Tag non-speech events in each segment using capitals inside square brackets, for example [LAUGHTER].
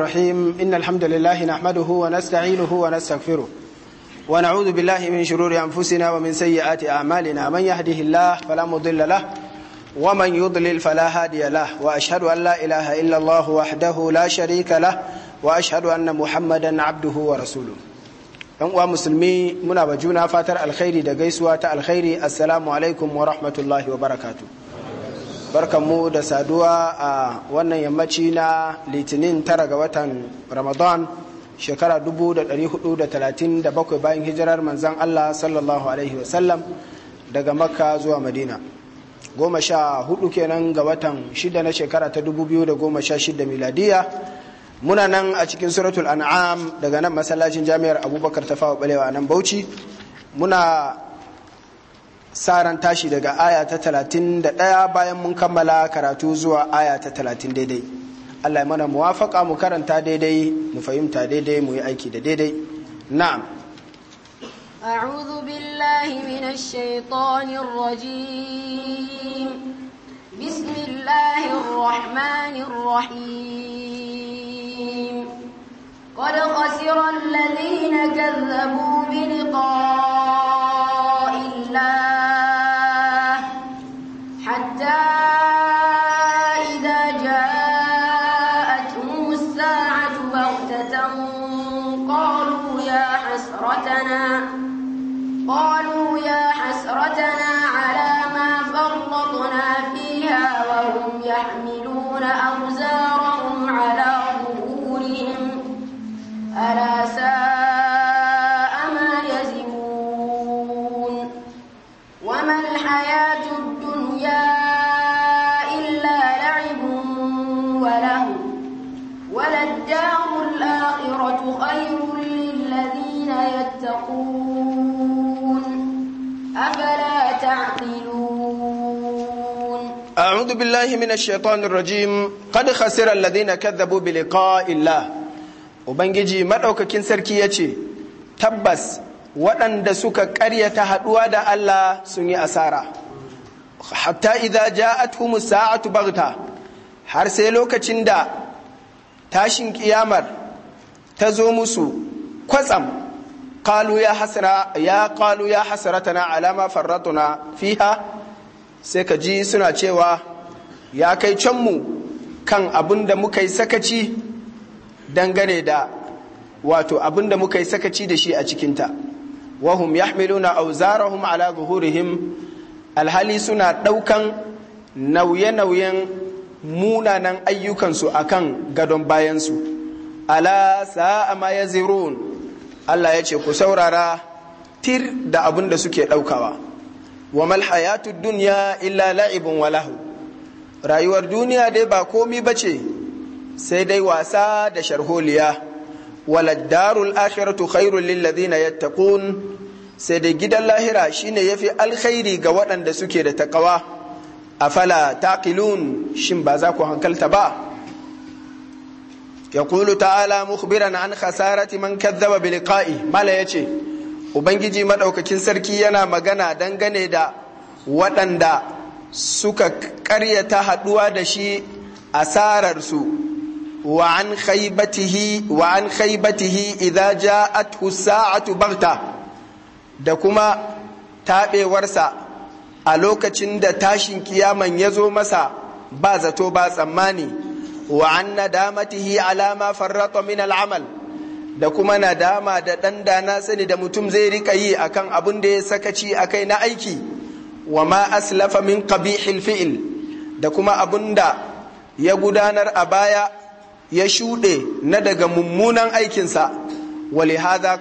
الرحيم إن الحمد لله نحمده ونستعينه ونستغفره ونعوذ بالله من شرور أنفسنا ومن سيئات أعمالنا من يهده الله فلا مضل له ومن يضلل فلا هادي له وأشهد أن لا إله إلا الله وحده لا شريك له وأشهد أن محمدا عبده ورسوله أنواع مسلمي منا وجونا فاتر الخير دقيسوا الخير السلام عليكم ورحمة الله وبركاته barkanmu da saduwa a wannan yammaci na litinin tara ga watan ramadan shekara bakwai bayan hijirar manzan allah sallallahu alaihi wasallam daga makka zuwa madina goma sha hudu kenan ga watan shida na shekara ta 2016 miladiya muna nan a cikin suratul an'am daga nan masallacin jami'ar abubakar ta fawa balewa nan bauchi muna saran tashi daga aya ta talatin da ɗaya bayan mun kammala karatu zuwa aya ta talatin daidai allah mana muwafaka mu karanta daidai mu fahimta daidai mu yi aiki da daidai na'am أعوذ بالله من الشيطان الرجيم بسم الله الرحمن قد خسر الذين كذبوا بلقاء الله حتى إذا جاءتهم الساعة بغتة قالوا يا حسرتنا قالوا يا حسرتنا على ما فرطنا فيها وهم يحملون أرسلنا ألا ساء ما يزمون وما الحياة الدنيا إلا لعب وله وللدار الآخرة خير للذين يتقون أفلا تعقلون أعوذ بالله من الشيطان الرجيم قد خسر الذين كذبوا بلقاء الله ubangiji maɗaukakin sarki ya ce tabbas waɗanda suka ƙaryata haɗuwa da allah sun yi asara hatta idza ja'atuhum sa'atu baghta har sai lokacin da tashin ƙiyamar ta zo musu kwatsam qalu ya hasra ya qalu ya alama ala ma farratuna fiha sai ka ji suna cewa ya kai can mu kan abin da muka yi sakaci dangane da wato abin da muka yi sakaci da shi a cikinta wahum yahmiluna auzarahum ala zuhurihim alhali suna ɗaukan nauye-nauyen munanan ayyukansu a kan gadon bayansu ala sa'a ma zirun. Allah ya ce ku saurara tir da abin da suke ɗaukawa wa mal duniya illa la'ibin walahu rayuwar duniya dai ba komi bace sai dai wasa da sharholiya walad darul akhiratu khairul lil ladina yattaqun sai dai gidan lahira shine yafi alkhairi ga waɗanda suke da taqwa afala taqilun shin ba za ku hankalta ba yaqulu ta'ala mukhbiran an khasarati man kadhaba bi liqa'i mala yace ubangiji madaukakin sarki yana magana dangane da waɗanda suka ƙaryata haɗuwa da shi asararsu وعن خيبته وعن خيبته إذا جاءته الساعة بغتة دكما تابي ورسا ألوك تشند تاشن كياما يزو مسا ba باز أماني وعن ندامته على ما فرط من العمل da kuma nadama da ɗan na sani da mutum zai rika yi akan abin da ya sakaci a kai na aiki wa ma aslafa min qabihil fi'il da kuma abin da ya gudanar a baya ya shuɗe na daga mummunan aikinsa wali hadha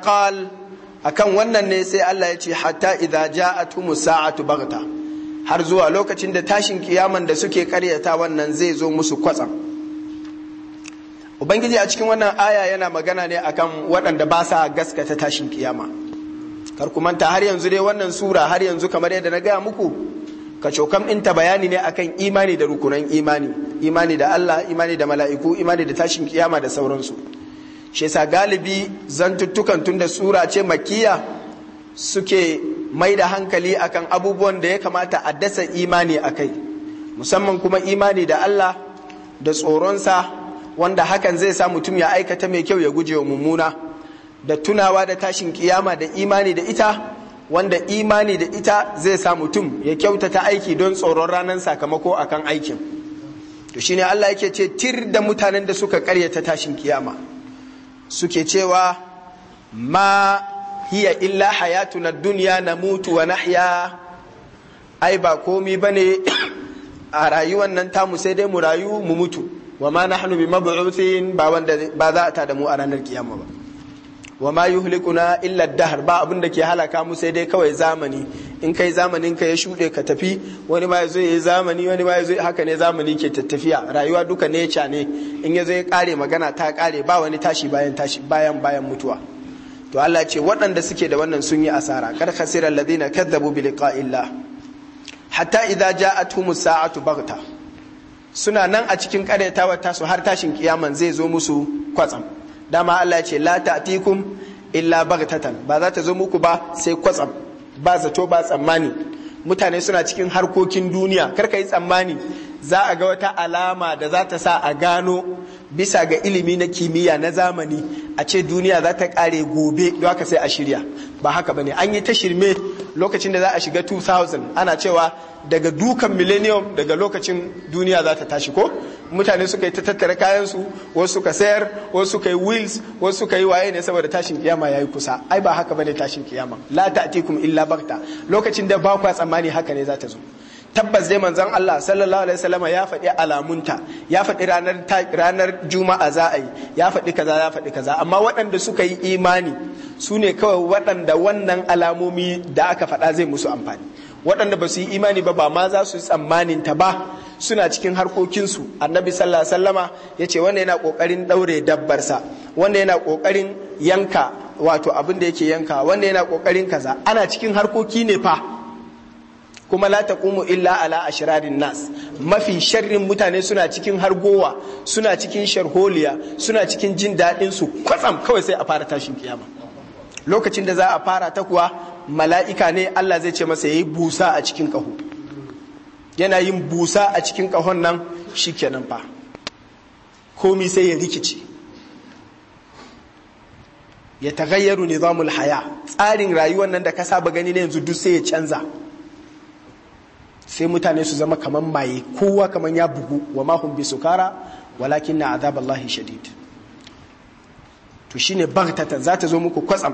A kan wannan ne sai Allah ya ce hatta idza sa'a tu baghta har zuwa lokacin da tashin kiyaman da suke karyata wannan zai zo musu kwatsam ubangiji a cikin wannan aya yana magana ne akan waɗanda ba sa gaskata tashin kiyama kar manta har yanzu dai wannan sura har yanzu kamar yadda na gaya muku kacokam ɗinta bayani ne akan imani da rukunan imani imani da Allah imani da mala'iku imani da tashin kiyama da sauransu shi yasa galibi zantuttukan tun da sura ce makiya suke mai da hankali akan abubuwan da ya kamata a dasa imani a kai musamman kuma imani da Allah da tsoronsa wanda hakan zai sa mutum ya aikata mai kyau ya guje wa mummuna da tunawa da tashin kiyama da imani da ita wanda imani da ita zai sa mutum ya kyautata aiki don tsoron ranar sakamako a kan aikin to shine Allah yake ce tir da mutanen da suka karyata tashin kiyama suke cewa ma hiya illa duniya na mutu wa nahya ai ba komi ba ne [COUGHS] a rayuwan nan tamu sai dai mu rayu mu mutu wa ma nahnu bi mab'uthin ba wanda ba za a da mu a ranar kiyama ba wa ma yuhlikuna illa dahar ba abin da ke halaka mu sai dai kawai zamani in kai zamanin ka ya shuɗe ka tafi wani ma yazo yayi zamani wani ma yazo haka ne zamani ke tattafiya rayuwa duka ya ne in yazo ya kare magana ta kare ba wani tashi bayan tashi bayan bayan mutuwa to Allah ce waɗanda suke da wannan sun yi asara kar khasira alladhina kadzabu bi liqa'illah hatta idza ja'atuhumus sa'atu baghta suna nan a cikin karyatawa tasu har tashin kiyaman zai zo musu kwatsam dama Allah ya ce la ta'tikum illa baghtatan ba za ta zo muku ba sai kwatsam ba zato ba tsammani mutane suna cikin harkokin duniya kar ka yi tsammani za a ga wata alama da za ta sa a gano bisa ga ilimi na kimiyya na zamani a ce duniya za ta kare gobe don haka sai a shirya ba haka bane an yi ta shirme lokacin da za a shiga 2000 ana cewa daga dukan millennium daga lokacin duniya za ta tashi ko mutane suka yi ta tattara kayansu wasu suka sayar wasu suka yi wheels wasu suka yi waye ne saboda tashin kiyama yayi kusa ai ba haka bane tashin kiyama la ta'tikum illa bakta lokacin da ba kwa tsammani haka ne za ta zo tabbas dai manzon Allah sallallahu alaihi wasallam ya faɗi alamunta ya faɗi ranar ranar juma'a za a yi ya faɗi kaza ya faɗi kaza amma waɗanda suka yi imani su ne kawai waɗanda wannan alamomi da aka faɗa zai musu amfani waɗanda ba su yi imani ba ba ma za su yi tsammanin ta ba suna cikin harkokinsu annabi sallallahu alaihi wasallama ya ce wanda yana ƙoƙarin ɗaure dabbarsa wanda yana ƙoƙarin yanka wato abin da yake yanka wanda yana ƙoƙarin kaza ana cikin harkoki ne fa kuma la taqumu illa ala shirarin nas mafi sharrin mutane suna cikin hargowa suna cikin sharholiya suna cikin jin daɗinsu kwatsam kawai sai a fara tashin kiyama lokacin da za a fara ta kuwa mala'ika ne Allah zai ce masa yayi busa a cikin kaho yana yin busa a cikin kahon nan shi kenan fa komi sai ya rikice ya tagayyaru nizamul haya tsarin rayuwar nan da ka saba gani na yanzu duk sai ya canza sai mutane su zama kaman maye kowa kaman ya bugu wa ma bi sukara walakin na azaballahi shadid to shine bagtata za ta zo muku kwatsam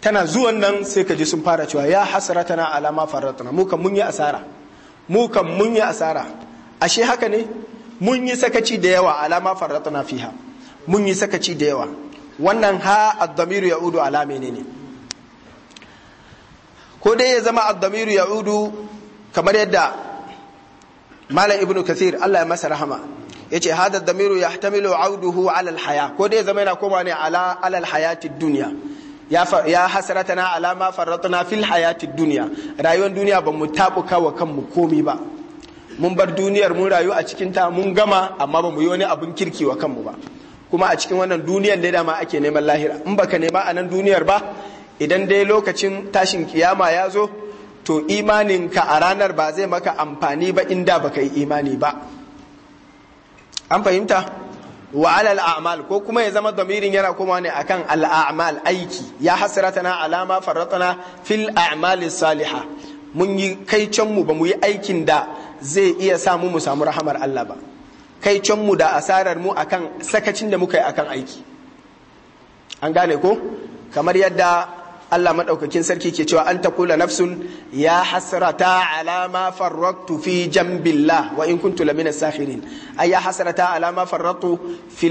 tana zuwan nan sai ka ji sun fara cewa ya hasratana alama faratna mu kan mun yi asara mu kan mun yi asara ashe haka ne mun yi sakaci da yawa alama faratna fiha mun yi sakaci da yawa wannan ha ad-damiru ya'udu ala menene ko dai ya zama ad ya ya'udu kamar yadda malam ibnu kasir Allah ya masa rahama yace hada damiru yahtamilu auduhu ala alhaya ko dai zama yana koma ne ala ala alhayati dunya ya ya hasratana ala ma farratna fil hayati dunya rayuwar duniya ba mu tabuka wa kanmu komi ba mun bar duniyar mun rayu a cikin ta mun gama amma ba mu yi wani abun kirki wa kanmu ba kuma a cikin wannan duniyar ne dama ake neman lahira in baka nema a nan duniyar ba idan dai lokacin tashin kiyama ya zo to imaninka a ranar ba zai maka amfani ba inda ka yi imani ba an fahimta wa alal a'mal ko kuma ya zama damirin yana kuma ne akan al a'mal aiki ya hasratana alama farratana fil a'mal Saliha. mun yi kai mu ba mu yi aikin da zai iya sa mu mu samu rahamar Allah ba kai mu da asarar mu akan sakacin da muka yi akan aiki an gane ko kamar yadda Allah maɗaukakin sarki ke cewa an ta takula nafsun ya hasrata alama farratu fi jambillah wa in kuntu lamina sahirin ay ya hasrata alama farratu fi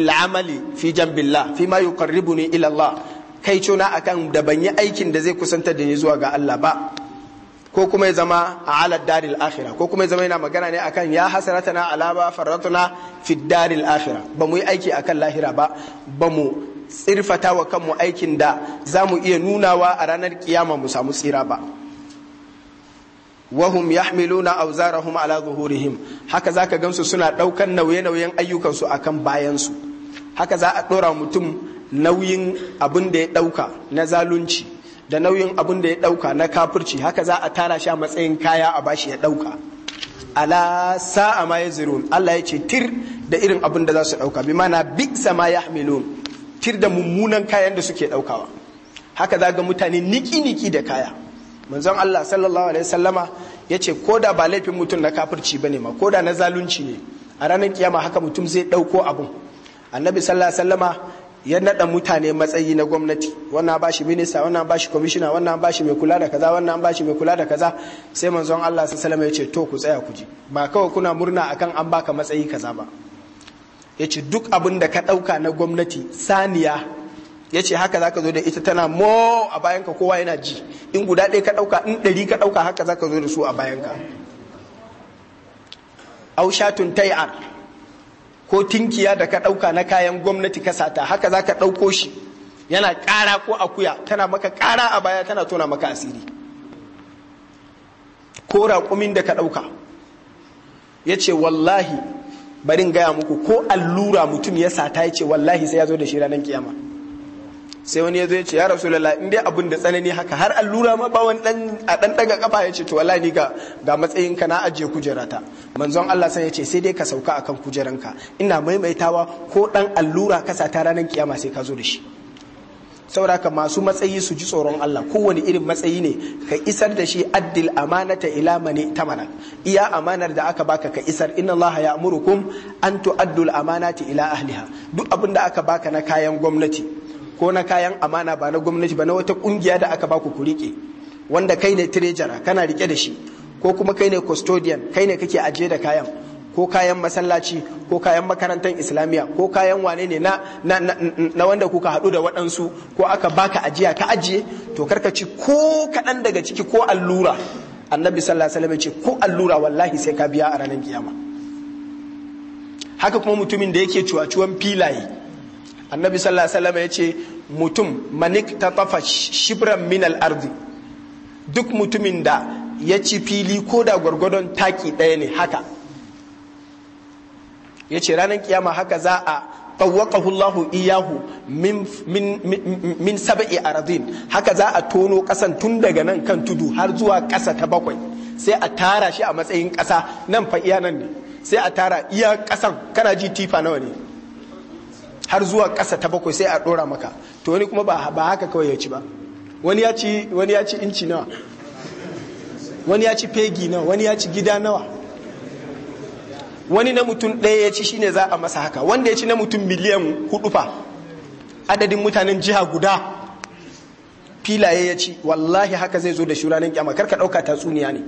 fi jambillah fi ma yuqarribuni ila Allah kai cuna akan da ban yi aikin da zai kusantar da ni zuwa ga Allah ba ko kuma ya zama a ala daril akhirah ko kuma ya zama yana magana ne akan ya hasrata na alama farratuna fi daril akhirah ba mu yi aiki akan lahira ba ba mu tsirfata wa kanmu aikin da za mu iya nunawa a ranar kiyama mu samu tsira ba wahum yahmiluna awzarahum ala zuhurihim haka za ka gamsu suna ɗaukan nauye-nauyen ayyukansu akan bayansu haka za a dora mutum nauyin abin da ya ɗauka na zalunci da nauyin abin da ya ɗauka na kafurci haka za a tara sha matsayin kaya a bashi ya dauka ala sa'a ma ya yazirun Allah ya ce tir da irin abin da za su dauka bi mana bi sama yahmilun tir da mummunan kayan da suke ɗaukawa haka za ga mutane niki-niki da kaya manzon Allah sallallahu alaihi sallama ya ce ko da ba laifin mutum na kafirci ba ne ma ko da na zalunci ne a ranar kiyama haka mutum zai ɗauko abun annabi sallallahu alaihi sallama ya naɗa mutane matsayi na gwamnati wannan bashi minista wannan bashi kwamishina wannan bashi mai kula da kaza wannan bashi mai kula da kaza sai manzon Allah sallallahu alaihi sallama ya ce to ku tsaya ku ji ba kawai kuna murna akan an baka matsayi kaza ba ya ce duk abin da ka ɗauka na gwamnati saniya ya ce haka za ka zo da ita tana mo a bayanka kowa yana ji in guda ɗaya ka ɗauka in ɗari ka ɗauka haka za ka zo da su a bayanka aushatun tai'ar ko tinkiya da ka ɗauka na kayan gwamnati ka sata haka za ka ɗauko shi yana ƙara ko akuya tana maka ƙara a baya tana tona maka asiri ko raƙumin da ka ɗauka ya ce wallahi Barin gaya muku ko allura mutum ya sata ya ce wallahi sai ya zo da shi ranar kiyama sai wani ya zo ya ce ya rasu in dai abin da tsanani haka har allura ma ba wani dan a dan daga kafa ya ce to wallahi ni ga ga matsayin ka na ajiye kujerata manzon Allah sai ya ce sai dai ka sauka akan kujeranka ina maimaitawa ko dan allura ka sata ranar kiyama sai ka zo da shi sauraka masu matsayi su ji tsoron Allah kowane irin matsayi ne ka isar da shi addil amanata ila mani tamana iya amanar da aka baka ka isar inna Allah ya amurukum an tu'addul amanati ila ahliha duk abin da aka baka na kayan gwamnati ko na kayan amana ba na gwamnati ba na wata kungiya da aka baku ku rike wanda kai ne treasurer kana rike da shi ko kuma kai ne custodian kai ne kake ajiye da kayan ko kayan masallaci ko kayan makarantar islamiyya ko kayan wane ne na, wanda kuka haɗu da waɗansu ko aka baka ajiya ka ajiye to karka ci ko kaɗan daga ciki ko allura annabi sallallahu alaihi ce ko allura wallahi sai ka biya a ranar kiyama haka kuma mutumin da yake cuwacuwan filaye annabi sallallahu alaihi ya ce mutum manik ta tafa shibran min duk mutumin da ya ci fili ko da gwargwadon taki ɗaya ne haka ya ce ranar kiyama haka za a tsawaka hulahu iyahu min saba'i a haka za a tono kasan tun daga nan kan tudu har zuwa kasa ta bakwai sai a tara shi a matsayin kasa nan fa iya nan ne sai a tara iya kasan kana ji tifa nawa ne har zuwa kasa ta bakwai sai a dora maka to wani kuma ba haka kawai ya ci ba wani ya ci wani ya ci inci nawa wani ya ci fegi nawa wani ya ci gida nawa wani na mutum ɗaya ya ci shine za a masa haka wanda ya ci na mutum miliyan hudu fa adadin mutanen jiha guda filaye ya ci wallahi haka zai zo da shura nan kyama ka ɗauka tatsuniya ne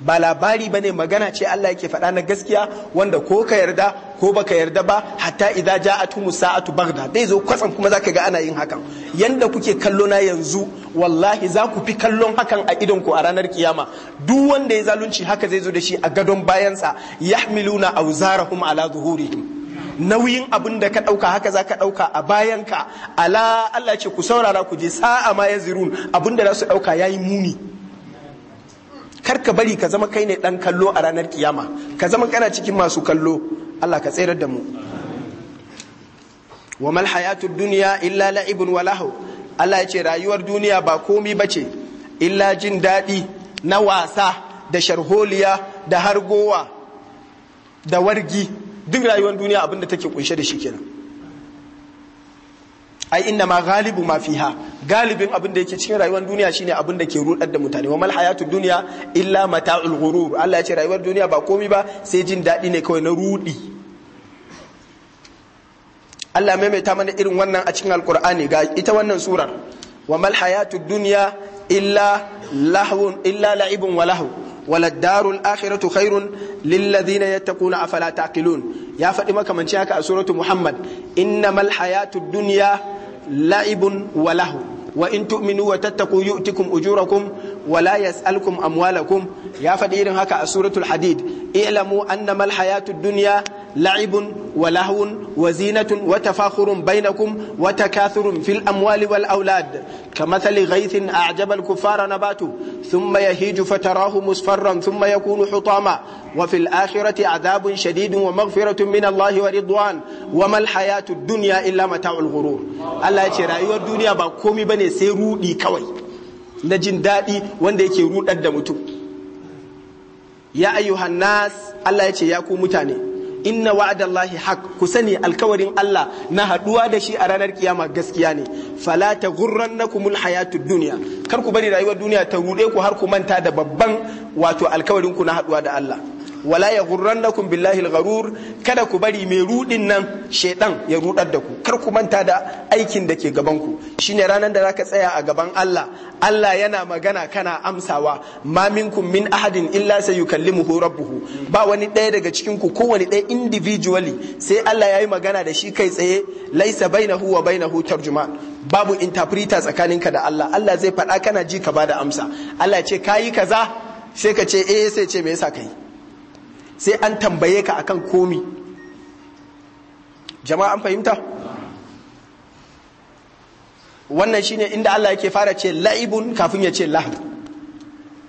ba labari ba ne magana ce Allah yake faɗa na gaskiya wanda ko ka yarda ko ba ka yarda ba hatta idan ja a tumu sa'atu bagda dai zo kwatsam kuma zaka ga ana yin hakan yanda kuke kallo na yanzu wallahi za ku fi kallon hakan a idon ku a ranar kiyama duk wanda ya zalunci haka zai zo da shi a gadon bayansa yahmiluna awzarahum ala zuhurihim nauyin abin da ka ɗauka haka za ka ɗauka a bayanka ala Allah ce ku saurara ku je sa'a ma ya zirun abin da za su ɗauka yayi muni kar ka bari ka zama kai ne dan kallo a ranar kiyama ka zama kana cikin masu kallo Allah ka tsayar da mu wa mal hayatu dunya illa la'ibun wa lahu Allah ya ce rayuwar duniya ba komi bace illa jin daɗi na wasa da sharholiya da hargowa da wargi duk rayuwar duniya abinda take kunshe da shi kenan ai inna ma galibu ma fiha galibin abin da yake cikin rayuwar duniya shine abin da ke rudar da mutane wa mal hayatu dunya illa mata'ul ghurur Allah ya ce rayuwar duniya ba komai ba sai jin dadi ne kawai na rudi Allah maimaita mana irin wannan a cikin alqur'ani ga ita wannan surar wa mal hayatu dunya illa lahwun illa la'ibun wa lahw وللدار الآخرة خير للذين يتقون أفلا تعقلون يا فاطمة كما جاءك سورة محمد إنما الحياة الدنيا la'ibun wa lahu wa in tu'minu wa tattaku yu'tikum ujurakum wa la yas'alukum amwalakum ya faɗi irin haka a suratul hadid i'lamu annama al duniya. la'ibun wa lahwun wa zinatun wa tafakhurun bainakum wa takathurun fil amwali wal aulad kamathali ghaythin a'jaba al kuffara nabatu thumma yahiju fatarahu musfarran thumma yakunu hutama wa fil akirati, adhabun shadidun wa maghfiratun min Allah wa ridwan wa mal hayatud dunya illa mata'ul ghurur Allah ya ce rayuwar duniya ba komai bane sai rudi kawai na jin daɗi wanda yake rudar da mutum ya ayyuhan nas Allah ya ce ya ku mutane inna wa'adallahi haq ku sani alkawarin Allah na haduwa da shi a ranar kiyama gaskiya ne fala taghurrannakumul hayatud duniya kar ku bari rayuwar duniya ta rude ku har ku manta da babban wato alkawarin ku na haduwa da Allah wala ya gurrannakum billahi al-gharur kada ku bari mai rudin nan shedan ya rudar da ku kar ku manta da aikin da ke gaban ku shine ranar da zaka tsaya a gaban Allah Allah yana magana kana amsawa ma minkum min ahadin illa sayukallimuhu rabbuhu ba wani ɗaya daga cikin ku kowane daya individually sai Allah ya yi magana da shi kai tsaye laisa bainahu wa bainahu tarjuma. babu interpreter tsakaninka da Allah Allah zai faɗa kana ji ka da amsa Allah ce kayi kaza sai ka ce eh sai ce me yasa kai sai an tambaye ka akan komi jama'a an fahimta wannan shine inda Allah yake fara ce la'ibun kafin ya ce lahab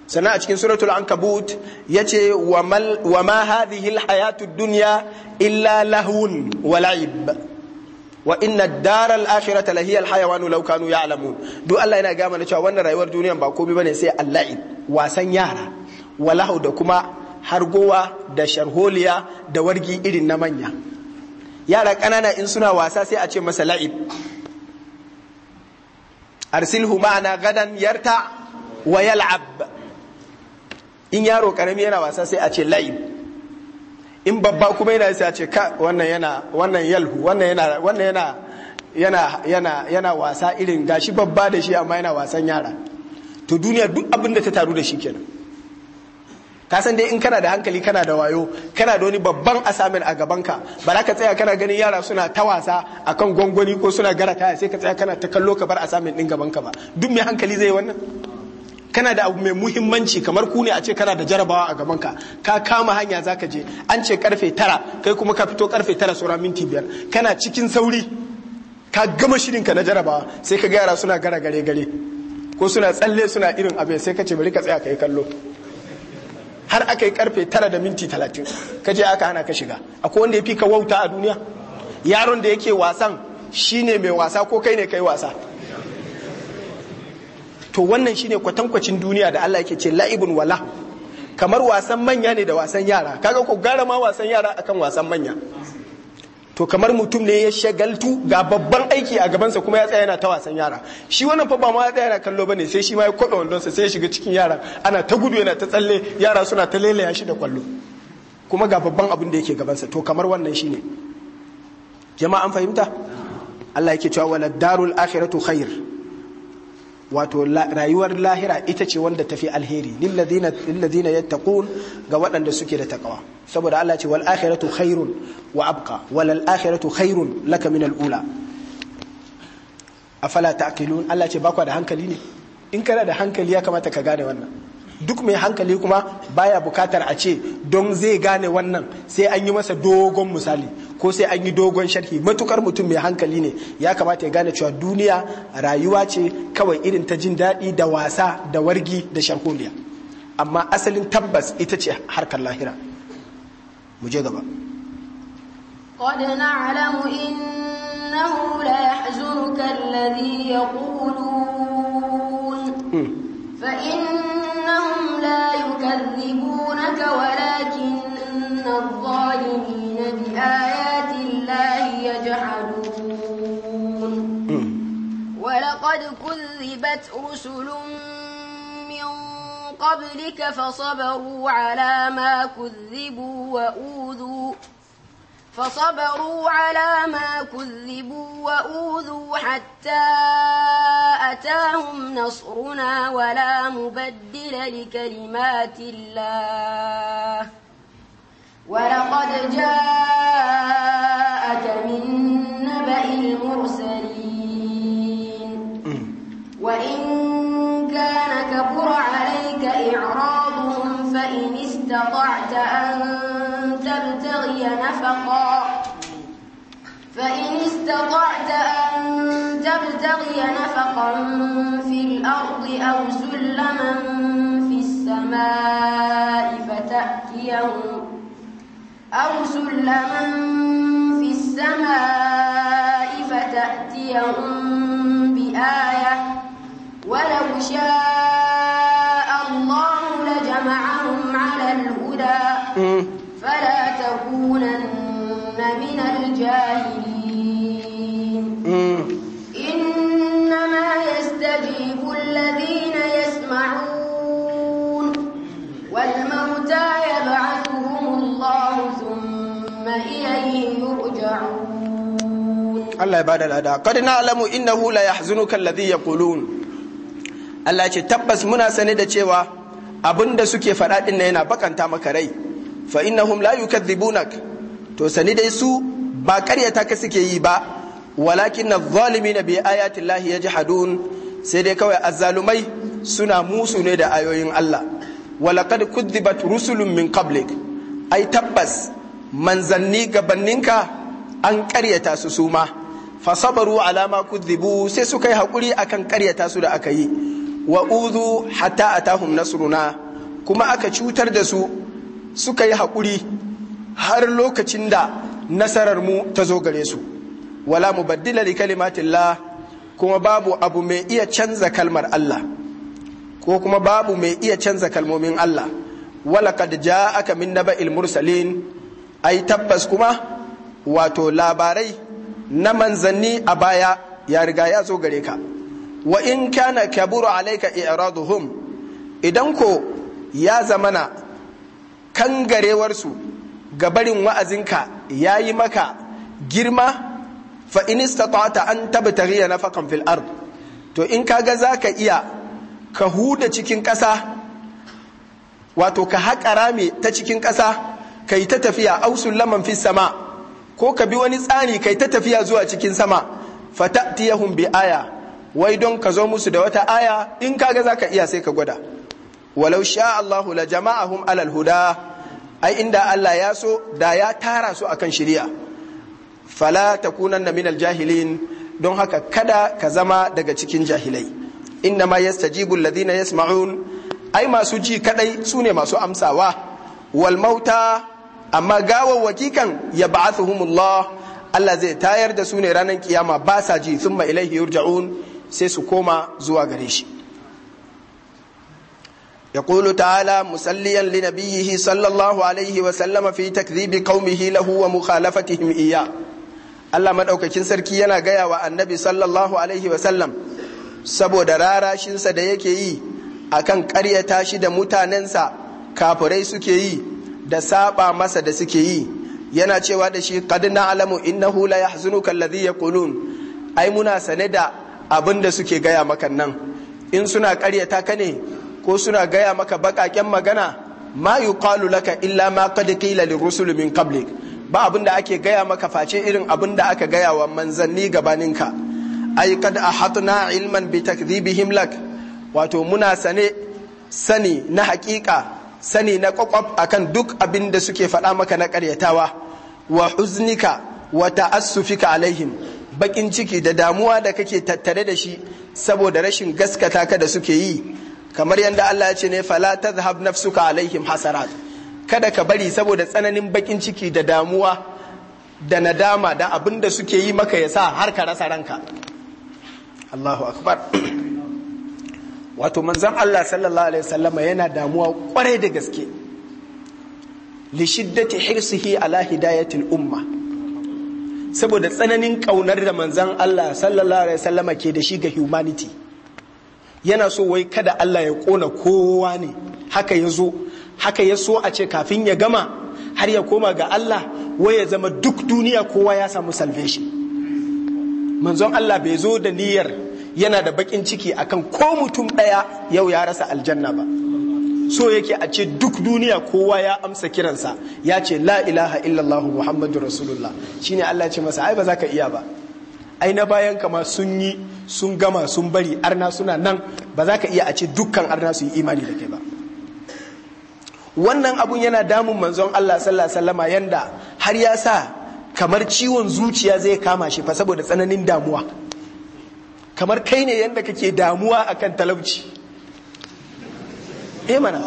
sannan a cikin suratul ankabut ya ce wa ma hadhihi alhayatu dunya illa lahun wa la'ib wa inna dara akhirata lahiya al law kanu ya'lamun duk Allah yana ga mana cewa wannan rayuwar duniya ba komai bane sai Allah wasan yara walahu da kuma hargowa da sharholiya da wargi irin na manya yara ƙanana in suna wasa sai a ce masa la'ib arsilhu ma'ana gadan yarta wa yal'ab in yaro karami yana wasa sai a ce la'ib in babba kuma yana sai a ce ka wannan yana wannan yalhu wannan yana wannan yana yana wasa irin gashi babba da shi amma yana wasan yara to duniya duk abin da ta taru da shi kenan ka san dai in kana da hankali kana da wayo kana da wani babban asamin a gabanka ba za ka tsaya kana ganin yara suna ta wasa akan gwangwani ko suna gara taya sai ka tsaya kana ta kallo ka bar asamin din gabanka ba duk mai hankali zai wannan kana da abu mai muhimmanci kamar ku ne a ce kana da jarabawa a gabanka ka kama hanya za ka je an ce karfe tara kai kuma ka fito karfe tara saura minti biyar kana cikin sauri ka gama shirinka na jarabawa sai ka ga yara suna gara gare gare ko suna tsalle suna irin abin sai ka ce bari ka tsaya ka yi kallo har aka yi karfe tara da minti talatin ka aka hana ka shiga akwai wanda ya fi ka wauta a duniya yaron da yake wasan shine mai wasa ko kai ne kai wasa to wannan shine kwatankwacin duniya da Allah yake ce la'ibun wala kamar wasan manya ne da wasan yara kaga ko gara ma wasan yara akan wasan manya to kamar mutum ne ya shagaltu ga babban aiki a gabansa kuma ya tsaya yana ta wasan yara shi wannan fa ba ma ya tsaya yana kallo bane sai shi ma ya wandon wandonsa sai ya shiga cikin yara ana ta gudu yana ta tsalle yara suna ta lelaya shi da kwallo kuma ga babban abin da yake gabansa to kamar wannan shine jama'a an fahimta Allah yake cewa wala darul akhiratu khair wato rayuwar lahira ita ce wanda tafi alheri lillazina yattaqun ga waɗanda suke da takawa saboda Allah ce wal akhiratu khairun wa abqa wal akhiratu khairun laka min al afala ta'qilun Allah ce bakwa da hankali ne in kana da hankali ya kamata ka gane wannan duk mai hankali kuma baya bukatar a ce don zai gane wannan sai an yi masa dogon misali ko sai an yi dogon sharhi matukar mutum mai hankali ne ya kamata ya gane cewa duniya rayuwa ce kawai irin ta jin daɗi da wasa da wargi da sharholiya amma asalin tabbas ita ce harkar lahira mu je gaba قد نعلم إنه الذي يقولون فإن يكذبونك ولكن الظالمين بآيات الله يجحدون ولقد كذبت رسل من قبلك فصبروا على ما كذبوا وأوذوا فصبروا على ما كذبوا وأوذوا حتى أتاهم نصرنا ولا مبدل لكلمات الله ولقد جاءك من نبأ المرسلين وإن كان كبر عليك إعراضهم فإن استطعت أن نفقا فإن استطعت أن تبتغي نفقا في الأرض أو سلما في السماء فتأتيهم أو سلما في السماء فتأتيهم بآية ولو شاء Allah ya bada lada qad na'lamu innahu la yahzunuka alladhi yaqulun Allah ce tabbas muna sane da cewa abinda suke faɗa din yana bakanta maka rai fa innahum la yukadzibunak to sani dai su ba karyata ka suke yi ba walakin adh-dhalimin bi ayati llahi yajhadun sai dai kawai azzalumai suna musu ne da ayoyin Allah walaqad kudzibat rusulun min qablik ai tabbas manzanni gabanninka an karyata su suma fasabaru alama kudhibu sai suka yi haƙuri akan ƙaryata su da aka yi wa udhu hatta atahum nasruna kuma aka cutar da su suka yi haƙuri har lokacin da nasarar mu ta zo gare su wala baddila li kalimatillah kuma babu abu mai iya canza kalmar Allah ko kuma babu mai iya canza kalmomin Allah wala kad ja'aka min naba'il mursalin ai tabbas kuma wato labarai na manzanni a baya ya riga ya zo gare ka wa in kana kaburu alaika i'raduhum idan ko ya zamana kan garewarsu ga barin wa'azinka ya yi maka girma fa in istata'ta an tabtaghiya nafaqan fil ard to in kaga zaka iya ka huda cikin ƙasa wato ka haƙa rami ta cikin ƙasa ka yi ta tafiya ausun laman fi sama ko ka bi wani tsani kai ta tafiya zuwa cikin sama fata'tiyahum bi aya wai don ka zo musu da wata aya in kaga zaka iya sai ka gwada walau sha Allahu la jama'ahum alal huda ai inda Allah ya so da ya tara su akan shari'a fala takunanna minal jahilin don haka kada ka zama daga cikin jahilai inna ma yastajibu alladhina yasma'un ai masu ji kadai sune masu amsawa wal mauta amma gawawwaki kan ya ba'athuhumullah Allah zai tayar da su ne ranar kiyama ba sa ji thumma ilaihi yurja'un sai su koma zuwa gare shi يقول تعالى مسليا لنبيه صلى الله عليه takribi في تكذيب قومه له ومخالفتهم iya. Allah maɗaukacin sarki yana gaya wa annabi sallallahu alaihi sallam saboda rarashinsa da yake yi akan ƙaryata shi da mutanensa kafurai suke yi da saba masa da suke yi yana cewa da shi qad na'lamu innahu la yahzunuka alladhi yaqulun ai muna sane da abin da suke gaya maka nan in suna karyata ka ne ko suna gaya maka baƙaƙen magana ma yuqalu laka illa ma qad qila lirrusul min qablik ba abin da ake gaya maka face irin abin da aka gaya wa manzanni gabaninka ai kad ahatna ilman bi takdhibihim lak wato muna sane sani na hakika sani na kwakwaf kan duk abin da suke faɗa maka na karyatawa wa huznika wa ta'assufika alaihim bakin ciki da damuwa da kake tattare da shi saboda rashin gaskata ka da suke yi kamar yadda Allah ya ce ne fala tadhhab nafsuka alaihim hasarat kada ka bari saboda tsananin bakin ciki da damuwa da nadama da abin da suke yi maka yasa har ka rasa ranka Allahu akbar wato manzan Allah sallallahu alaihi wasallama yana damuwa kwarai da gaske li shiddati hirsihi ala hidayatil umma saboda tsananin kaunar da manzan Allah sallallahu alaihi wasallama ke da shi ga humanity yana so wai kada Allah ya kona kowa ne haka ya zo haka ya so a ce kafin ya gama har ya koma ga Allah wai ya zama duk duniya kowa ya samu salvation manzon Allah bai zo da niyyar yana da bakin ciki akan ko mutum ɗaya yau ya rasa aljanna ba so yake a ce duk duniya kowa ya amsa kiransa ya ce la ilaha illallah muhammadu rasulullah shine Allah ce masa ai ba za ka iya ba ai na bayan kama sun yi sun gama sun bari arna suna nan ba za ka iya a ce dukkan arna su yi imani da kai ba wannan abun yana damun manzon Allah sallallahu alaihi yanda har ya sa kamar ciwon zuciya zai kama shi fa saboda tsananin damuwa kamar kai ne yadda kake damuwa akan talauci eh mana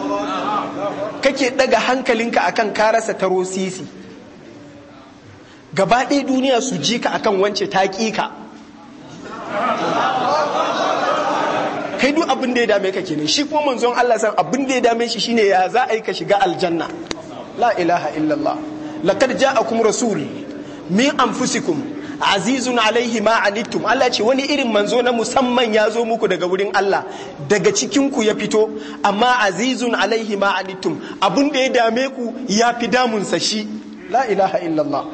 kake daga hankalinka akan karasa taro sisi gaba ɗaya duniya su ji ka akan wance ta ka kai duk abin da ya dame ka kenan shi kuma manzon Allah san abin da ya dame shi shine ya za a yi ka shiga aljanna la ilaha illallah laqad ja'akum rasul min anfusikum azizun alaihi ma anittum Allah ce wani irin manzo na musamman ya zo muku daga wurin Allah daga cikin ku ya fito amma azizun alaihi ma anittum abun da ya dame ku ya fi damunsa shi la ilaha illallah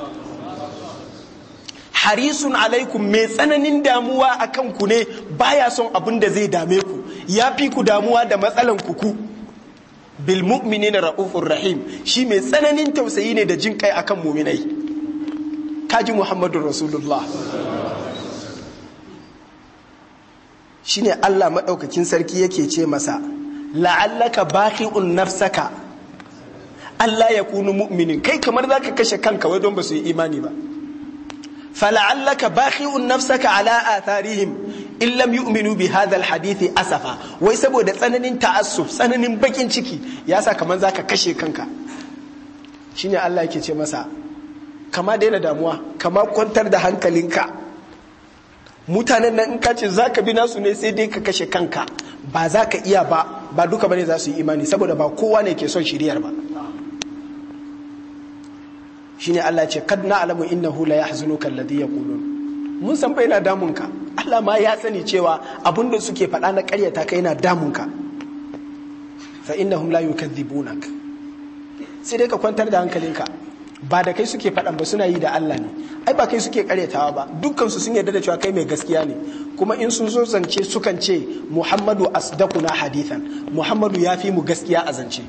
harisun alaikum mai tsananin damuwa a ku ne baya son abun da zai dame ku ya fi ku damuwa da matsalan kuku. bil mu'minina ra'ufur rahim shi mai tsananin tausayi ne da jin kai akan muminai kaji muhammadun rasulullah ne allah maɗaukakin sarki yake ce masa la'allaka baqi'un nafsaka allah ya kunu mu'minin kai kamar za ka kashe kanka wai don ba su yi imani ba fala'allaka baki'un nafsaka ala atharihim in lam yu'minu bi hadal hadithi asafa wai saboda tsananin ta'assu tsananin bakin ciki yasa kamar za ka kashe kanka ne allah yake ce masa kama daina damuwa kama kwantar da hankalinka mutanen nan in ka ce za ka bi nasu ne sai dai ka kashe kanka ba za ka iya ba ba duka bane za su yi imani saboda ba kowa ne ke son shiriyar ba shi ne Allah ce kad na alamu hula innahu la yahzunuka ya yaqulun mun san bai na damun ka Allah ma ya sani cewa abinda da suke faɗa na ƙaryata kai yana damun ka fa innahum la yukadzibunak sai dai ka kwantar da hankalinka ba da kai suke faɗan ba suna yi da Allah ne ai ba kai suke karyatawa ba dukkansu sun yarda da cewa kai mai gaskiya ne kuma in sun so zance sukan ce Muhammadu asdaquna hadithan Muhammadu ya fi mu gaskiya a zance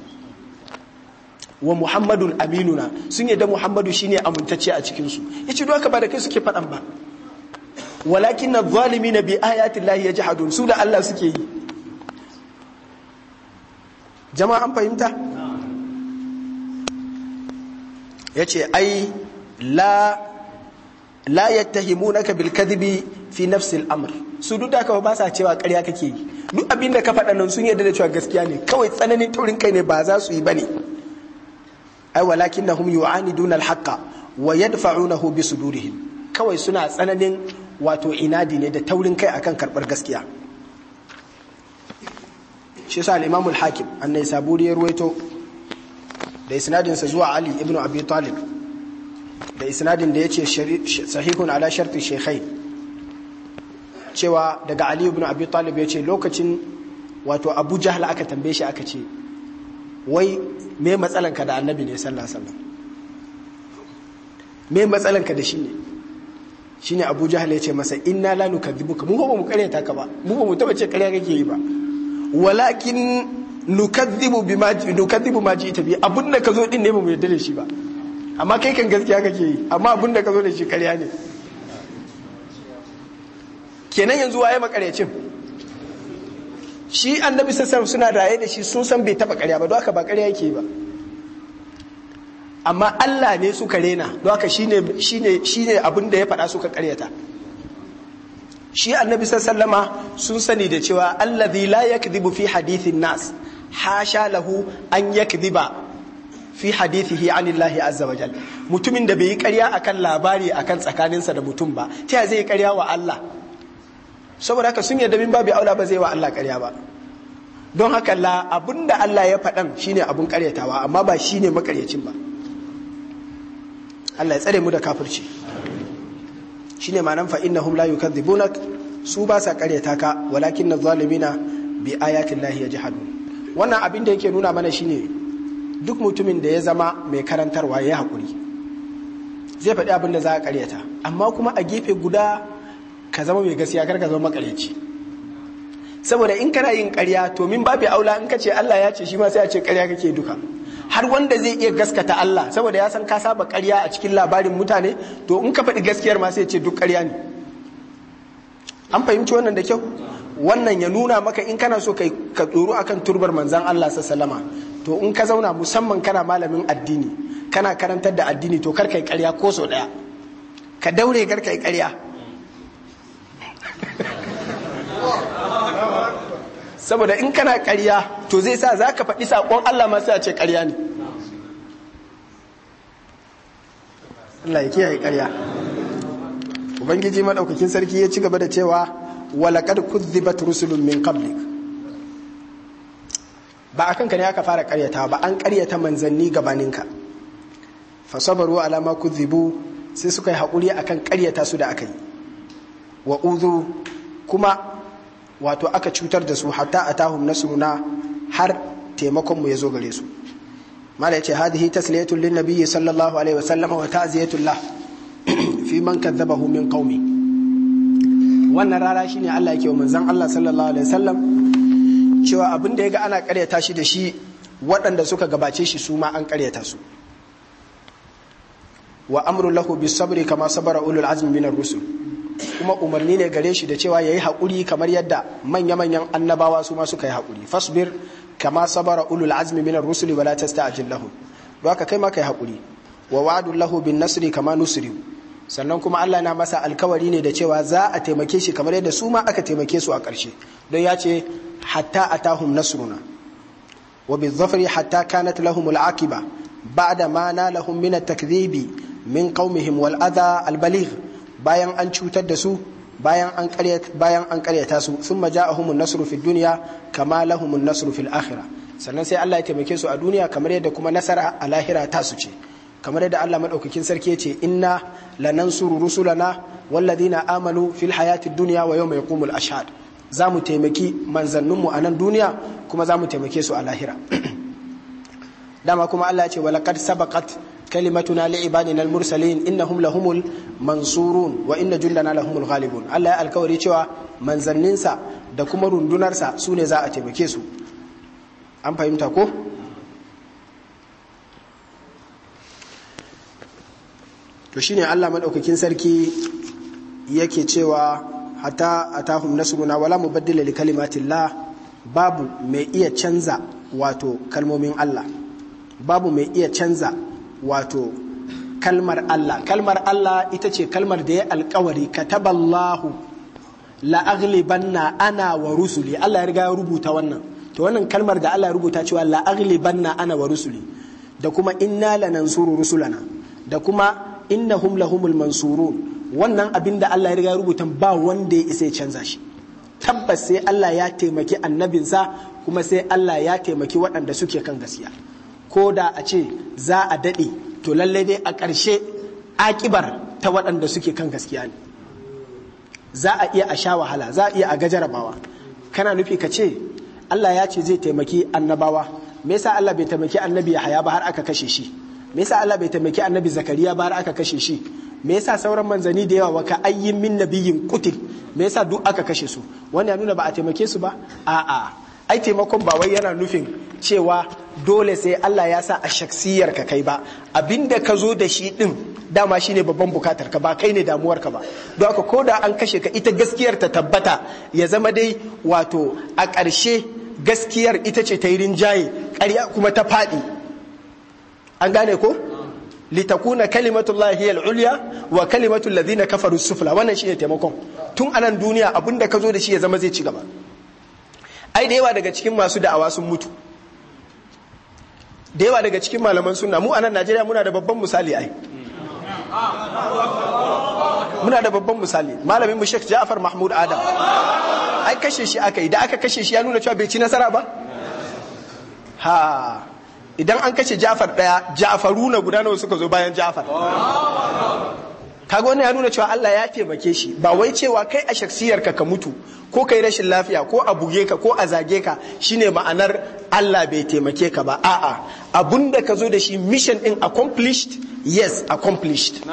wa Muhammadun aminuna sun yarda Muhammadu shine amintacce a cikin su yace doka ba da kai suke faɗan ba walakin adh-dhalimin bi ayati llahi yajhadun su da Allah suke yi jama'a an fahimta Ya ce ai la la na bil kadhibi fi nafsil amur su duk da ba sa cewa karya kake yi duk abin da ka faɗa nan sun yarda da cewa gaskiya ne kawai tsananin taurin kai ne ba za su yi ba ne ai walakinnahum yu'aniduna dunar haka wa yadda yadfa'unahu su sudurihim kawai suna tsananin wato inadi ne da taurin kai akan karɓar gaskiya shi al'imamul hakim annai saburi ya ruwaito da isnadinsa zuwa ali ibn abi talib da isnadin da ya ce sahihun ala sharti shekhai cewa daga ali ibn abi talib ya ce lokacin wato abu jahla aka tambaye shi aka ce wai me matsalanka da annabi ne sallah sallah me matsalanka da shi ne shi ne abu jahla ya ce masa ina lanuka dubuka mu ba mu karyata ka ba mu ba mu taba ce karya yake yi ba walakin nukadhibu bima nukadhibu ma ji tabi abin da ka zo din ne mu yarda da shi ba amma kai kan gaskiya kake yi amma abin da ka zo da shi karya ne kenan yanzu waye makaryacin shi annabi sassan suna raye da shi sun san bai taba karya ba don haka ba karya yake ba amma Allah ne suka rena don haka shine shine shine da ya faɗa suka karyata shi annabi sallama sun sani da cewa allazi la yakdhibu fi hadithin nas hasha lahu an ba fi hadithihi anillahi azza wa jal mutumin da bai yi ƙarya akan labari akan tsakaninsa da mutum ba ta zai yi ƙarya wa Allah saboda haka sun yadda min babu aula ba zai wa Allah ƙarya ba don haka la da Allah ya faɗan shine abun karyatawa amma ba shine makaryacin ba Allah ya tsare mu da kafirci shine ma'anan fa innahum la yukadzibunak su ba sa ƙaryata ka walakin na zalimina bi ayatin lahi ya yajhadun wannan abin da yake nuna mana shi ne duk mutumin da ya zama mai karantarwa ya yi haƙuri zai faɗi abin da za a ƙaryata amma kuma a gefe guda ka zama mai gaskiya kar ka zama makareci saboda in kana yin ƙarya to min babu aula in ka ce Allah ya ce shi ma sai a ce ƙarya kake duka har wanda zai iya gaskata Allah saboda ya san ka saba ƙarya a cikin labarin mutane to in ka faɗi gaskiyar ma sai ce duk ƙarya ne an fahimci wannan da kyau wannan ya nuna maka in kana so ka tsoro akan turbar manzan Allah sallama to in ka zauna musamman kana malamin addini kana karantar da addini to kar kai karya ko so daya ka daure kar kai karya saboda in kana karya to zai sa za ka faɗi saƙon Allah ma sai a ce karya ne Allah ya kiyaye karya ubangiji maɗaukakin sarki ya ci gaba da cewa walakar kuzzibat rusulun min qablik ba a kanka ne aka fara karyata ba an karyata manzanni gabaninka fa sabaru ala ma kuzzibu sai suka yi hakuri akan karyata su da aka yi wa udhu kuma wato aka cutar da su hatta a atahum nasruna har taimakon mu zo gare su mala yace hadhihi tasliyatun lin nabiyyi sallallahu alaihi wa sallama wa ta'ziyatun fi man kadzabahu min qaumi wannan rara shine Allah yake wa manzon Allah sallallahu alaihi wasallam cewa abin da ya ga ana karyata shi da shi waɗanda suka gabace shi su ma an karyata su wa amru lahu bis sabri kama sabara ulul azmi minar rusul kuma umarni ne gare shi da cewa ya yi hakuri kamar yadda manya-manyan annabawa su ma suka yi hakuri fasbir kama sabara ulul azmi minar rusul wala tasta'jil lahu don ka kai ma kai haƙuri wa wa'adullahu bin nasri kama nusri sannan kuma Allah na masa alkawari ne da cewa za a taimake shi kamar yadda su ma aka taimake su a ƙarshe don ya ce hatta atahum nasuruna wa bizafri hatta kanat lahum al'aqiba ba'da ma na min at-takdhibi min qaumihim wal adha al-baligh bayan an cutar da su bayan an ƙaryata bayan an ƙaryata su thumma ja'ahum an-nasru fid dunya kama lahum an-nasru fil akhirah sannan sai Allah ya taimake su a duniya kamar yadda kuma nasara a lahira ta su ce kamar yadda Allah madaukakin sarki ya ce inna lanansuru rusulana walladhina amanu fil hayati duniya wa yawma yaqumul ashad za mu taimaki manzanninmu a nan duniya kuma za mu taimake su a lahira [CLEARS THROAT] dama kuma Allah ya ce walaqad sabaqat kalimatuna li ibadina al-mursalin innahum lahumul mansurun wa inna jundana lahumul ghalibun Allah ya alkawari cewa manzanninsa da kuma rundunarsa su ne za a taimake su an fahimta ko to shi ne Allah maɗaukakin sarki yake cewa hata hatta atahum nasruna wala mu mubaddila li la babu mai iya canza wato kalmomin Allah babu mai iya canza wato kalmar Allah kalmar Allah ita ce kalmar da ya alkawari kataballahu la banna ana wa rusuli Allah ya riga ya rubuta wannan to wannan kalmar da Allah ya rubuta cewa la banna ana wa rusuli da kuma inna lanansuru rusulana da kuma Inna innahum lahumul mansurun wannan abin da Allah ya riga rubuta ba wanda ya isa ya canza shi tabbas sai Allah ya taimaki annabinsa kuma sai Allah ya taimaki waɗanda suke kan gaskiya ko da a ce za a daɗe to lallai dai a ƙarshe akibar ta waɗanda suke kan gaskiya ne za a iya a sha wahala za a iya a gajarabawa kana nufi ka ce Allah ya ce zai taimaki annabawa me yasa Allah bai taimaki annabi ya haya ba har aka kashe shi me yasa Allah bai taimaki annabi zakariya ba har aka kashe shi me yasa sauran manzani da yawa wa ka ayyin min nabiyin kutil me yasa duk aka kashe su wannan ya nuna ba a taimake su ba a'a ai taimakon ba wai yana nufin cewa dole sai Allah ya sa a shaksiyar ka kai ba abinda ka zo da shi din dama shine babban bukatar ka ba kai ne damuwar ka ba don haka ko da an kashe ka ita gaskiyar ta tabbata ya zama dai wato a ƙarshe gaskiyar ita ce ta yi rinjaye ƙarya kuma ta faɗi an gane ko litakuna kalimatullahi hiyal ulya wa kalimatul ladina kafaru sufla wannan shine taimakon tun anan duniya abinda ka zo da shi ya zama zai ci gaba ai da yawa daga cikin masu da'awa sun mutu da yawa daga cikin malaman sunna mu anan Najeriya muna da babban misali ai muna da babban misali malamin mu Sheikh Ja'far Mahmud Adam ai kashe shi aka yi da aka kashe shi ya nuna cewa bai ci nasara ba ha idan an kashe jafar ɗaya na guda nawa suka zo bayan jafar kaga wannan ya nuna cewa Allah ya taimake shi ba wai cewa kai a shaksiyarka ka mutu ko kai rashin lafiya ko a buge ka ko a zage ka shine ma'anar Allah bai taimake ka ba a'a abunda ka zo da shi mission din accomplished yes accomplished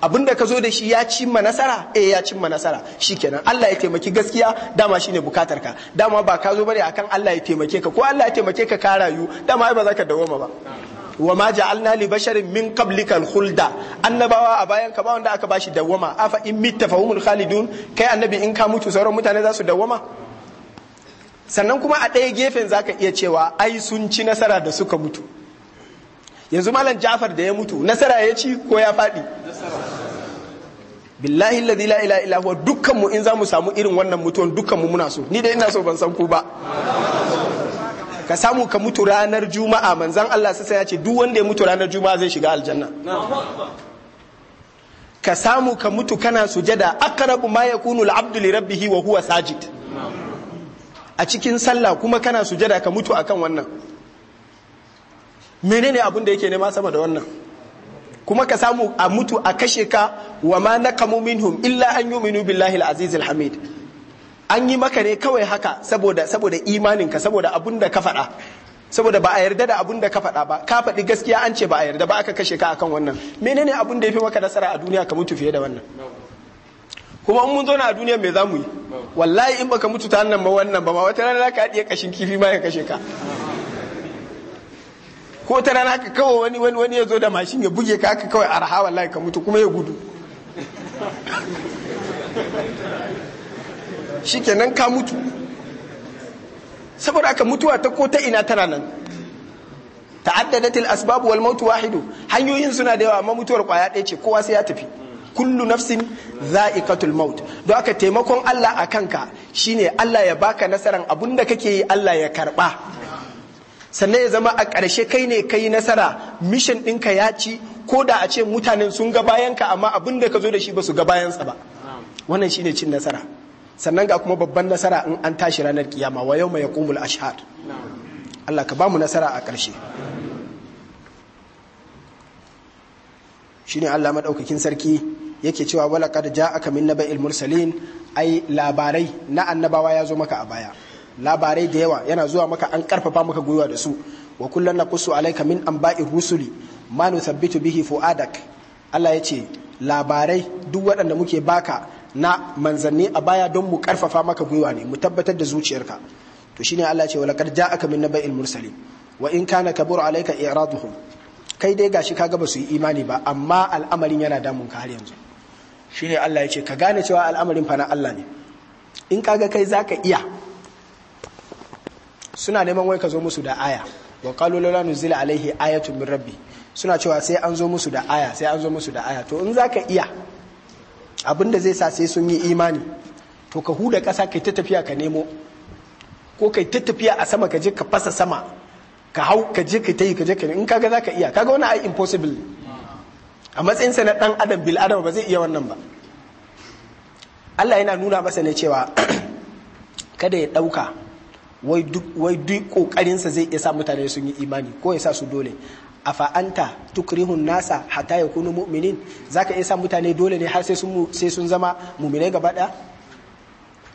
da ka zo da shi ya cimma nasara eh ya cimma nasara Shi kenan. Allah ya taimaki gaskiya dama shine bukatar ka dama ba ka zo ne akan Allah ya taimake ka ko Allah ya taimake ka ka rayu dama ai ba za ka dawoma ba wa ma ja'alna li basharin min al khulda annabawa a bayan ka ba wanda aka bashi dawoma afa in mitta khalidun kai annabi in ka mutu sauran mutane za su dawoma? sannan kuma a ɗaya gefen zaka iya cewa ai sun ci nasara da suka mutu yanzu malam Ja'far da ya mutu nasara ya ci ko ya faɗi billahi alladhi la ilaha huwa dukkan mu in zamu samu irin wannan mutuwan dukkan mu muna so ni dai ina so ban san ku ba ka samu ka mutu ranar juma'a manzan Allah sai ya ce duk wanda ya mutu ranar juma'a zai shiga aljanna ka samu ka mutu kana sujada aqrabu ma yakunu al-abdu li rabbihi wa huwa sajid a cikin sallah kuma kana sujada ka mutu akan wannan menene abin da yake nema sama da wannan kuma ka samu a mutu a kashe ka wa ma naqamu minhum illa an yu'minu billahi al-aziz hamid an yi maka ne kawai haka saboda imaninka saboda abun da ka faɗa saboda ba a yarda da abun da ka faɗa ba ka faɗi gaskiya an ce ba a yarda ba aka kashe ka akan wannan menene abun da ya fi maka nasara a duniya ka mutu fiye da wannan kuma in mun zo na a duniya me za mu yi wallahi in baka mutu ta nan ba wannan ba ma wata rana za ka haɗiye kashin kifi ma ya kashe ka ko ta rana ka kawai wani wani ya zo da mashin ya buge ka haka kawai arha wallahi ka mutu kuma ya gudu [LAUGHS] shikenan ka mutu saboda aka mutuwa ta ko ta ina tana nan ta'addadatil asbab wal maut wahidu hanyoyin suna da yawa amma mutuwar kwaya ɗaya ce kowa sai ya tafi kullu nafsin za'iqatul maut don aka taimakon Allah a kanka shine Allah ya baka nasaran abunda kake yi Allah ya karba sannan ya zama a ƙarshe kai ne kai nasara mishin ɗinka ya ci ko da a ce mutanen sun ga bayanka amma abin da ka zo da shi ba su ga bayansa ba wannan shine cin nasara sannan ga kuma babban nasara in an tashi ranar kiyama wa yau mai a shahar. Allah ka ba mu nasara a ƙarshe shine Allah maɗaukakin sarki yake cewa wala a ja'aka min naba'il mursalin ai labarai na annabawa ya zo maka a baya labarai da yawa yana zuwa maka an karfafa maka gwiwa da su wa kullum na kusu alaika min an ba'i rusuli ma nuthabbitu bihi adak Allah ya ce labarai duk waɗanda muke baka na manzanni a baya don mu karfafa maka gwiwa ne mu tabbatar da zuciyarka to shine Allah ya ce walaqad ja'aka min naba'il mursalin wa in kana kabur alaika i'raduhum kai dai gashi kaga ba su yi imani ba amma al'amarin yana damun ka har yanzu shine Allah ya ce ka gane cewa al'amarin fa na Allah ne in kaga kai zaka iya suna neman wai ka zo musu da aya wa qalu lawla nuzila alaihi ayatun min rabbi suna cewa sai an zo musu da aya sai an zo musu da aya to in zaka iya abinda zai sa sai sun yi imani to ka huda kasa kai ta tafiya ka nemo ko kai ta tafiya a sama ka je ka fasa sama ka hau ka je ka tayi ka je ka in kaga zaka iya kaga wani ai impossible a matsayin sa na dan adam bil adam ba zai iya wannan ba Allah yana nuna masa ne cewa [CLEARS THROAT] kada ya dauka wai duk kokarinsa zai iya sa mutane sun yi imani ko ya sa su dole a fa'anta tukrihun nasa hata ya kunu mu'minin zaka iya sa mutane dole ne har sai sun zama mu'minai gaba ɗaya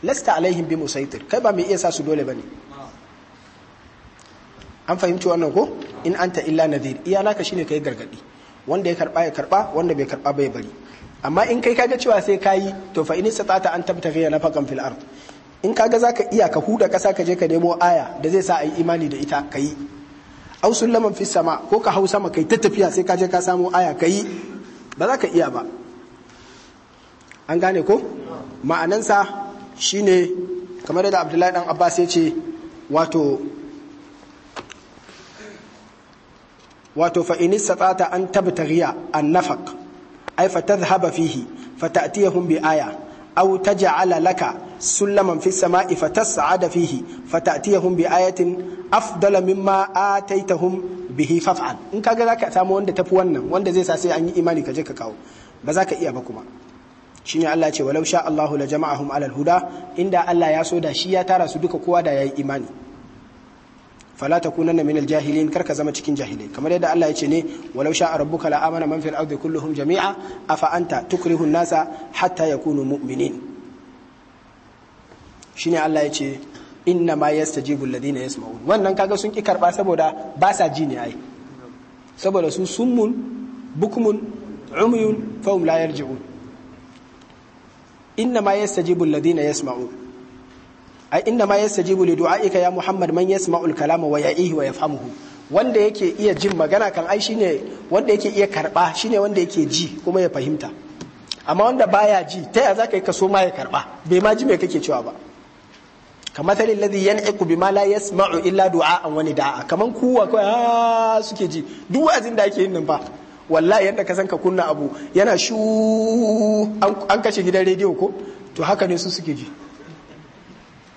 lasta alaihin bi musaitir kai ba mai iya sa su dole ba ne. an fahimci wannan ko in anta illa nadhir iya naka shine kai gargadi wanda ya karba ya karba wanda bai karba bai bari amma in kai kaga cewa sai kayi to fa in sata an tabtaghi nafakan fil ard in kaga zaka iya ka huda kasa ka je ka nemo aya da zai sa a yi imani da ita ka yi au sullaman fi sama ko ka hau sama kai ta tafiya sai ka je ka samo aya ka yi ba za ka iya ba an gane ko ma'anansa shine kamar da abdullahi dan abbas ya ce wato wato fa in istata an tabtaghiya an nafaq ay fatadhhaba fihi fatatiyahum bi aya aw taj'ala laka sullaman fi sama'i fa tas'ada fihi fa ta'tiyahum bi ayatin afdala mimma ataytahum bihi faf'al in kaga zaka samu wanda tafi wannan wanda zai sa sai an yi imani ka je ka kawo ba za ka iya ba kuma shine Allah ya ce walau sha Allahu la jama'a ala alal huda inda Allah ya so da shi ya tara su duka kowa da yayi imani fala takunanna min al-jahilin karka zama cikin jahilai kamar yadda Allah ya ce ne walau sha rabbuka la amana man fil ardi kulluhum jami'a a anta tukrihu an-nasa hatta yakunu mu'minin shine Allah ya ce inna ma yastajibu alladhina yasma'un wannan kaga sun ki karba saboda ba sa ji ne ai saboda su summun bukmun umyun fahum la yarji'un inna ma yastajibu alladhina yasma'un ai inna ma yastajibu li du'aika ya muhammad man yasma'ul kalama wa ya'ihi wa yafhamuhu wanda yake iya jin magana kan ai shine wanda yake iya karba shine wanda yake ji kuma ya fahimta amma wanda baya ji ta ya zaka yi kaso ma ya karba bai ma ji me kake cewa ba kamar ladi kamathali iku bi bima la yasma'u illa du'a an wani da'a kamar kuwa kawai ah, suke ji duk wa'azin da ake yin nan fa wallahi yadda ka san ka kunna abu yana shu an kashe gidan rediyo ko to haka ne su suke ji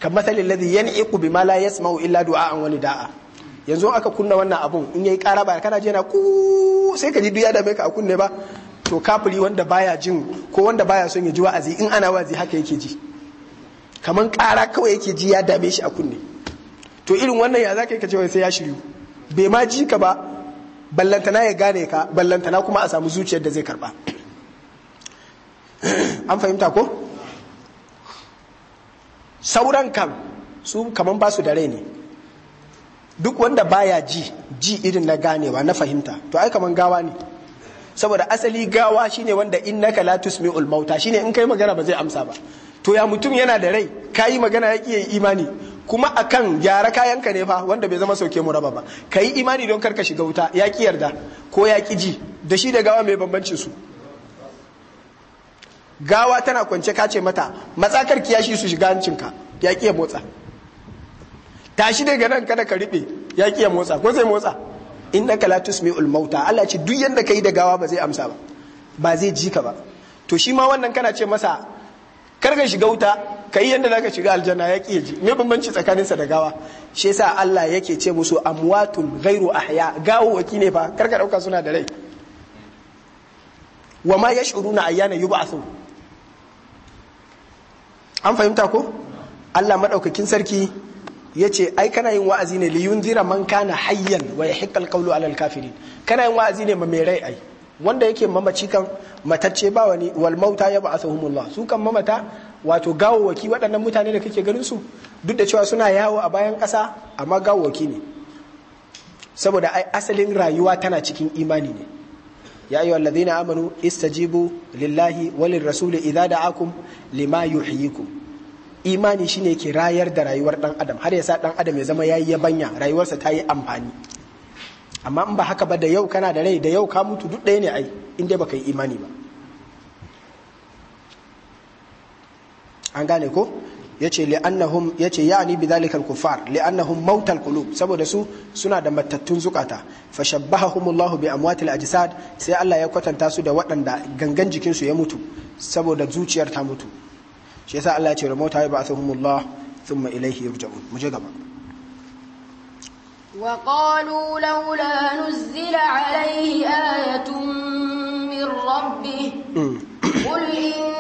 kamar ladi kamathali iku bi bima la yasma'u illa du'a an wani da'a yanzu aka kunna wannan abun in yayi kara ba kana ji yana ku sai ka ji duk ya mai ka kunne ba to kafiri wanda baya jin ko wanda baya son ya ji wa'azi in ana wa'azi haka yake ji kamar ƙara kawai yake ji ya dame shi a kunne to irin wannan ya za ka yi ka sai ya shiryu bai ma ji ka ba ballantana ya gane ka ballantana kuma a samu zuciyar da zai karba [CLEARS THROAT] an fahimta ko sauran kan su kaman ba su da rai ne duk wanda baya ji ji irin na ganewa na fahimta to ai kaman gawa ne saboda asali gawa shine wanda in naka latus tusmi'ul mauta shine in kai magana ba zai amsa ba to ya mutum yana da rai ka yi magana ya yi imani kuma a kan gyara kayanka ne fa wanda bai zama sauke mu raba ba ka yi imani don karka shiga wuta ya ki yarda ko ya ki ji da shi da gawa mai bambancin su gawa tana kwance ka ce mata matsakar kiyashi su shiga hancinka ya ki ya motsa tashi daga nan kada ka riɓe ya ki ya motsa ko zai motsa innaka la mai ulmauta Allah ce duk yadda ka yi da gawa ba zai amsa ba ba zai ji ka ba to shi ma wannan kana ce masa kar ka shiga wuta ka yi yadda zaka shiga aljanna ya ƙi ji me bambanci tsakaninsa da gawa shi yasa Allah yake ce musu amwatun ghairu ahya waki ne fa kar ka dauka suna da rai wa ma yash'uruna ayyana yub'athu an fahimta ko Allah madaukakin sarki yace ai kana yin wa'azi ne liyunzira man kana hayyan wa yahiqqal qawlu alal kafirin kana yin wa'azi ne ma mai rai ai wanda yake mamaci kan matacce ba wani wal mauta ya a su kan mamata wato gawowaki waɗannan mutane da kake ganin su duk da cewa suna yawo a bayan ƙasa amma gawowaki ne saboda asalin rayuwa tana cikin imani ne ya yi wallazi ladina amanu istajibu lillahi Walin Rasuli, Iza da Akum, lima yuhiyiku imani shine ke rayar da rayuwar dan adam har yasa dan adam ya zama yayi yabanya rayuwarsa ta yi amfani amma in ba haka ba da yau kana da rai da yau ka mutu duk ɗaya ne ai inda dai ka yi imani ba an gane ko yace li'annahum yace ya'ni bidhalika al-kuffar li'annahum mautal kulub saboda su suna da matattun zukata fashabbahahumullahu bi amwatil al-ajsad sai Allah ya kwatanta su da waɗanda gangan jikin su ya mutu saboda zuciyar ta mutu shi yasa Allah ya ce ramauta ya ba'athahumullah thumma ilayhi yurja'un mu je gaba وقالوا لولا نزل عليه آية من ربه قل إن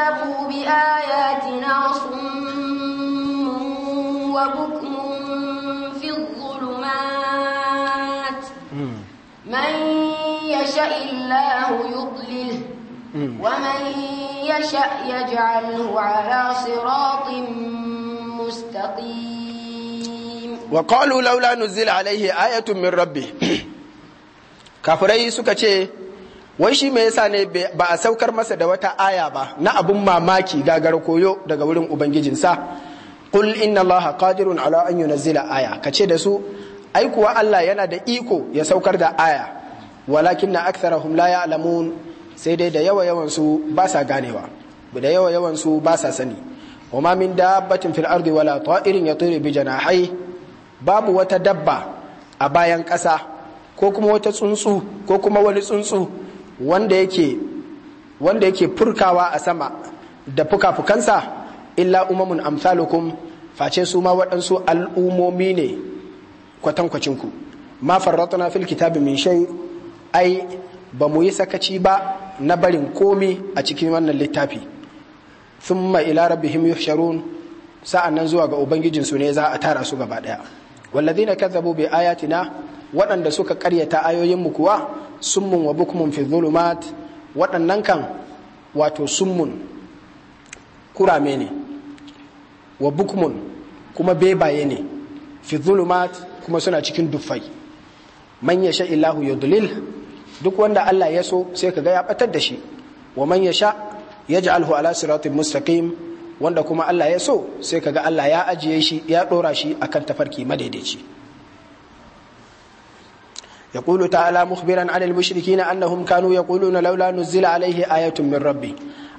كذبوا بآياتنا صم وبكم في الظلمات من يشاء الله يضلله ومن يشاء يجعله على صراط مستقيم وقالوا لولا نزل عليه آية من ربه [CLEARS THROAT] كافري سكتي wai shi me yasa ne ba a saukar masa da wata aya ba na abun mamaki gagar koyo daga wurin ubangijinsa qul inna allaha qadirun ala an yunzila aya kace da su ai kuwa Allah yana da iko ya saukar da aya walakin na aktharahum la ya'lamun sai dai da yawa yawan ba sa ganewa da yawa yawan ba sa sani Kuma min dabbatin fil ardi wala ta'irin yatiru bi janahi babu wata dabba a bayan ƙasa ko kuma wata tsuntsu ko kuma wani tsuntsu wanda yake furkawa a sama da fuka-fukansa illa umamun amsalukum face su ma waɗansu al'umomi ne kwatankwacinku ma farratuna fil kitabin min shay ai ba mu yi sakaci ba na barin komi a cikin wannan littafi thumma ila rabbihim yuhsharun sa'annan zuwa ga ubangijinsu ne za a tara su gaba daya wallazina kazzabu bi ayatina waɗanda suka karyata ayoyinmu kuwa summun wa bukmun fi zulumat waɗannan kan wato summun kurame ne wa bukmun kuma bebaye ne fi zulumat kuma suna cikin dufai manya sha illahu dalil duk wanda Allah ya so sai kaga ya batar da shi wa manya ya ji alhu ala siratun mustaqim wanda kuma Allah ya so sai kaga Allah ya ajiye shi ya ɗora shi a kan tafarki madaidaici يقول تعالى مخبرا عن المشركين أنهم كانوا يقولون لولا نزل عليه آية من ربه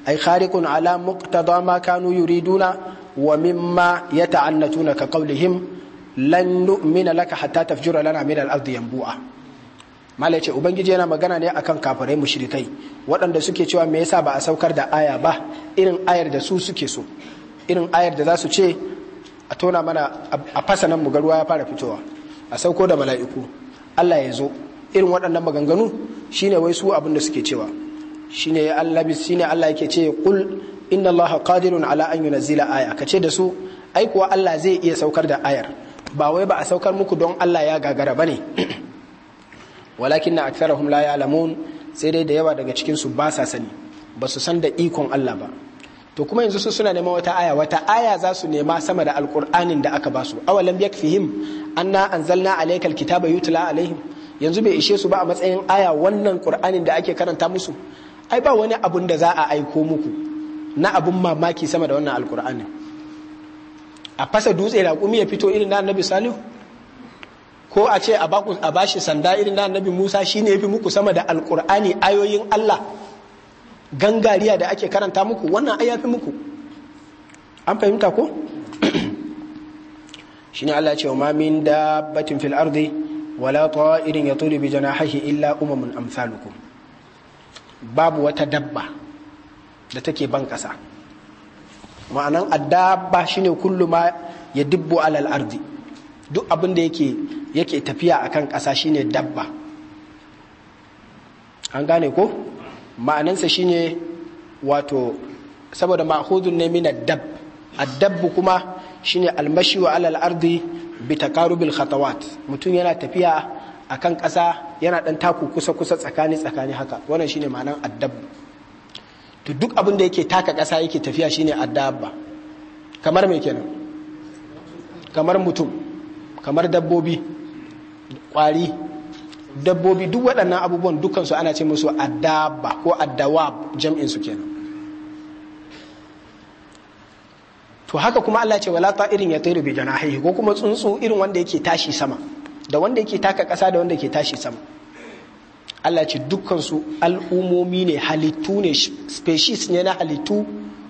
أي خارق على مقتضى ما كانوا يريدون ومما يتعنتون كقولهم لن نؤمن لك حتى تفجر لنا من الأرض ينبوعا mala ce ubangiji yana magana ne akan kafirai mushrikai waɗanda suke cewa me yasa ba a saukar da aya ba irin ayar da su suke so irin ayar da za su ce a tona mana a fasa nan mu ga ruwa ya fara fitowa a sauko da mala'iku Allah ya zo irin waɗannan maganganu shine wai su abin da suke cewa shine Allah shine Allah yake ce kul inna Allah qadirun ala an yunzila aya ka ce da su ai kuwa Allah zai iya saukar da ayar ba wai ba a saukar muku don Allah ya gagara bane [CLEARS THROAT] walakin na aktarahum la ya'lamun sai dai da yawa daga cikin su ba sa sani ba su san da ikon Allah ba to kuma yanzu su suna neman wata aya wata aya za su nema sama da alkur'anin da aka ba basu awalam yakfihim anna anzalna alaykal kitaba yutla alaihim yanzu bai ishe su ba a matsayin aya wannan qur'anin da ake karanta musu ai ba wani abun da za a aiko muku na abun mamaki sama da wannan alqur'anin a fasa dutse raƙumi ya fito irin na annabi salihu ko a ce a bashi sanda irin na annabi musa shine yafi muku sama da alqur'ani ayoyin allah gangariya da ake karanta muku wannan ayafi muku an fahimta ko shine Allah ce wa ma min dabbatin fil ardi wala ta'irin yatulu bi janahihi illa umamun amsalukum babu wata dabba da take ban kasa ma'anan addabba shine kullu ma ya dubbu alal ardi duk abin da yake tafiya a kan kasa shine dabba an gane ko ma'anansa shine wato saboda ma'khudun ne min a addab kuma shine almashi wa alal ardi bi taqarubil khatawat mutum yana tafiya a kan ƙasa yana dan taku kusa kusa tsakani tsakani haka wannan shine ma'anar addab to duk abin da yake taka ƙasa yake tafiya shine addabba kamar me kenan kamar mutum kamar dabbobi kwari dabbobi duk waɗannan abubuwan dukansu ana ce musu addabba ko addawab jam'in su kenan to haka kuma Allah ce wala ta irin ya tayru bi janahihi ko kuma tsuntsu irin wanda yake tashi sama da wanda yake taka kasa da wanda yake tashi sama Allah ce dukkansu al'umomi ne halittu ne species ne na halittu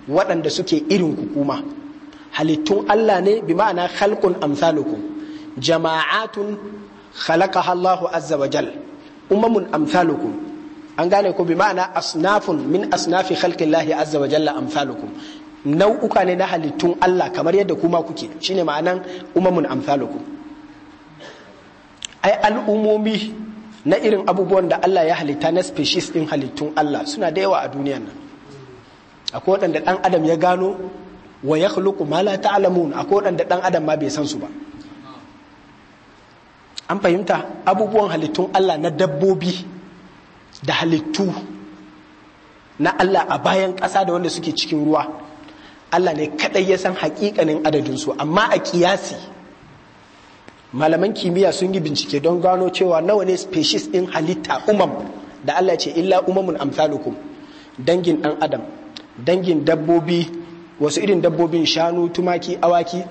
waɗanda suke irin kukuma halittun Allah ne bi ma'ana khalqun amsalukum jama'atun khalaqaha Allahu azza wa jal umamun amsalukum an gane ko bi ma'ana asnafun min asnafi halkin Allah azza wa jalla amsalukum nau'uka ne na halittun Allah kamar yadda kuma kuke shine ma'anan umamun amsalukum ai al'umomi na irin abubuwan da Allah ya halitta na species din halittun Allah suna da yawa a duniyan nan akwai waɗanda ɗan adam ya gano wa ya khluqu ma la ta'lamun akwai waɗanda ɗan adam ma bai san su ba an fahimta abubuwan halittun Allah na dabbobi da halittu na Allah a bayan ƙasa da wanda suke cikin ruwa Allah ne kadai ya san hakikanin adadinsu amma a kiyasi malaman kimiyya sun yi bincike don gano cewa nawa ne species din halitta umam da Allah ce illa umamun amsalukum dangin ɗan adam dangin dabbobi wasu irin dabbobin shanu tumaki awaki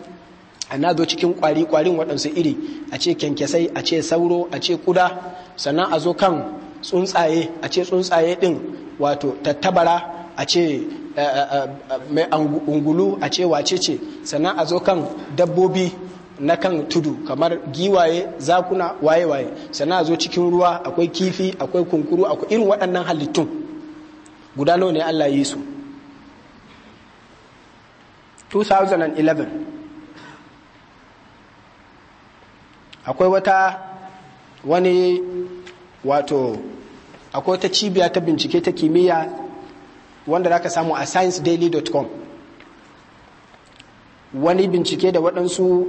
ana zo cikin kwari kwarin waɗansu iri a ce kyankyasai a ce sauro a ce kuda sannan a zo kan tsuntsaye a ce tsuntsaye ɗin wato tattabara a ce eh, eh, eh, mai ungulu a ce wace ce sannan a zo kan dabbobi na kan tudu kamar giwaye zakuna waye-waye sannan a zo cikin ruwa akwai kifi akwai kunkuru akwai irin waɗannan halittun guda nawa ne Allah yi su 2011 akwai wata wani wato akwai ta cibiya ta bincike ta kimiyya wanda za zaka samu a sciencedaily.com wani bincike da waɗansu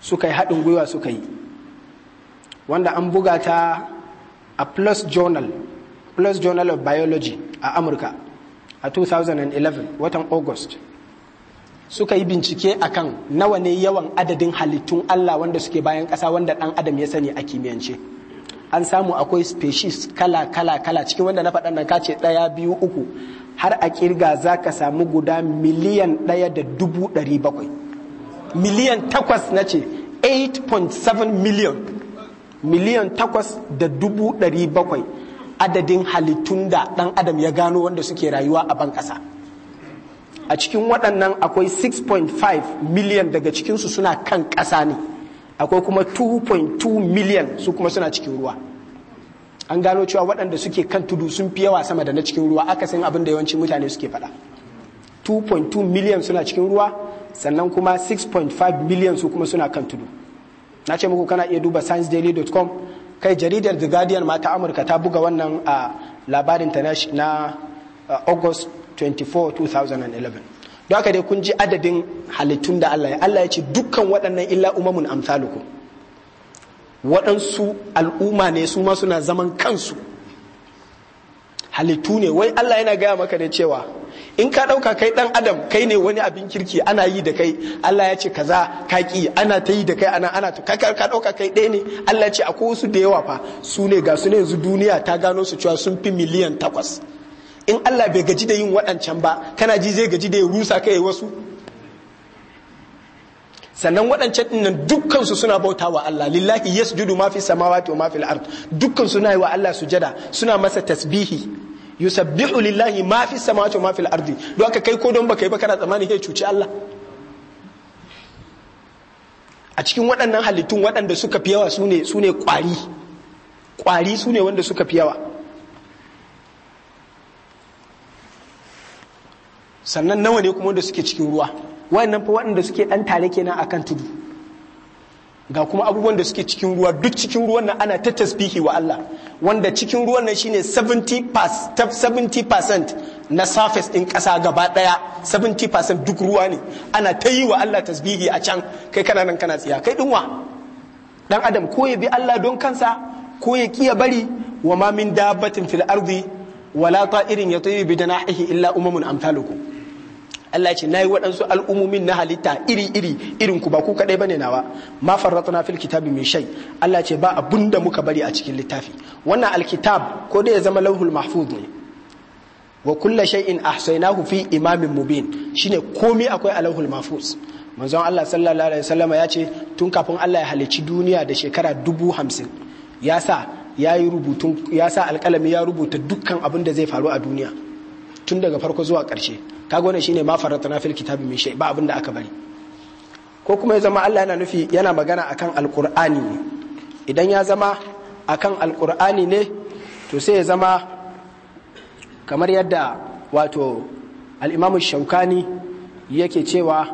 suka yi haɗin gwiwa suka yi wanda an buga ta a plus journal plus journal of biology a amurka a 2011 watan august suka yi bincike akan nawa ne yawan adadin halittun allah wanda suke bayan ƙasa wanda ɗan adam ya sani a kimiyyance an samu akwai species kala kala kala cikin wanda na faɗa nan kace ɗaya biyu uku har a kirga za ka samu guda miliyan ɗaya da dubu ɗari bakwai miliyan takwas na ce 8.7 miliyan miliyan takwas da dubu ɗari bakwai adadin halittun da ɗan adam ya gano wanda suke rayuwa a ban ƙasa a cikin waɗannan akwai 6.5 miliyan daga cikinsu suna kan ƙasa ne akwai kuma 2.2 miliyan su kuma suna cikin ruwa an gano cewa waɗanda suke kan tudu sun fi yawa sama da na cikin ruwa aka san abin da yawancin mutane suke faɗa 2.2 miliyan suna cikin ruwa sannan kuma 6.5 miliyan su kuma suna kan tudu na ce muku kana iya duba sciencedaily.com kai jaridar the guardian mata amurka ta buga wannan a labarin ta na august 24 2011 don haka dai kun ji adadin halittun da allah ya allah ya ce dukkan waɗannan illa umamun amsalukum waɗansu al'umma ne su ma suna zaman kansu halittu ne wai Allah yana gaya maka ne cewa in ka ɗauka kai ɗan adam kai ne wani abin kirki ana yi da kai Allah ya ce ka za ka ƙi ana ta yi da kai ana ana ka ka ɗauka kai ɗaya ne Allah ya ce akwai wasu da yawa fa su ne ga su ne yanzu duniya ta gano su cewa sun fi miliyan takwas in Allah bai gaji da yin waɗancan ba kana ji zai gaji da ya rusa kai wasu sannan waɗancan dinnan dukkansu suna bauta wa Allah lillahi yasjudu ma fi samawati wa ma fil ard dukkan suna yi wa Allah sujada suna masa tasbihi yusabbihu lillahi ma fi samawati wa ma fil ardi don aka kai ko don baka yi ba kana tsammani kai cuci Allah a cikin waɗannan halittun waɗanda suka fi yawa sune sune kwari kwari sune wanda suka fi yawa sannan nawa ne kuma wanda suke cikin ruwa wayannan fa waɗanda suke ɗan tare kenan akan tudu ga kuma abubuwan da suke cikin ruwa duk cikin ruwan nan ana ta tasbihi wa Allah wanda cikin ruwan nan shine 70 70% na surface ɗin ƙasa gaba ɗaya 70% duk ruwa ne ana ta yi wa Allah tasbihi a can kai kana nan kana tsiya kai dinwa dan adam ko ya bi Allah don kansa ko ya kiya bari wa ma min dabbatin fil ardi wala ta'irin yatiru bi janahihi illa umamun amthalukum Allah ce nayi waɗansu al'umumin na halitta iri iri irin ku ba ku kadai bane nawa ma farratna fil kitabi min shay Allah ce ba abun da muka bari a cikin littafi wannan alkitab ko da ya zama lauhul mahfuz ne wa kullu shay'in ahsaynahu fi imamin mubin shine komai akwai a lauhul mahfuz manzon Allah sallallahu alaihi wasallam ya ce tun kafin Allah ya halicci duniya da shekara dubu hamsin ya sa ya yi rubutun ya sa alkalami ya rubuta dukkan abin da zai faru a duniya tun daga farko zuwa ƙarshe kaga wannan shine ma na fil kitabi min shay ba abin da aka bari ko kuma ya zama Allah yana nufi yana magana akan alqur'ani ne idan ya zama akan alqur'ani ne to sai ya zama kamar yadda wato al-imamu shaukani yake cewa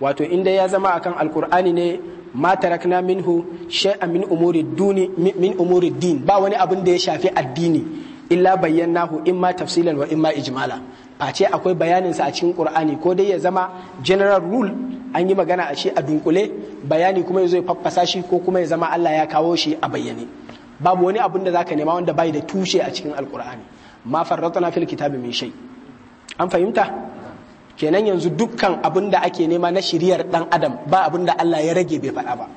wato inda ya zama akan alqur'ani ne ma tarakna minhu shay'an min umuri duni min umuri din ba wani abin da ya shafi addini illa bayyanahu imma tafsilan wa imma ijmala face akwai bayaninsa a cikin ƙur'ani ko dai ya zama general rule an yi magana a shi a dunkule bayani kuma ya zo ya faffasa shi ko kuma ya zama Allah ya kawo shi a bayyane babu wani abun da zaka nema wanda bai da tushe a cikin alkur'ani ma farratna fil kitabi min shai an fahimta kenan yanzu dukkan abun da ake nema na shiriyar dan adam ba abun da Allah ya rage bai faɗa ba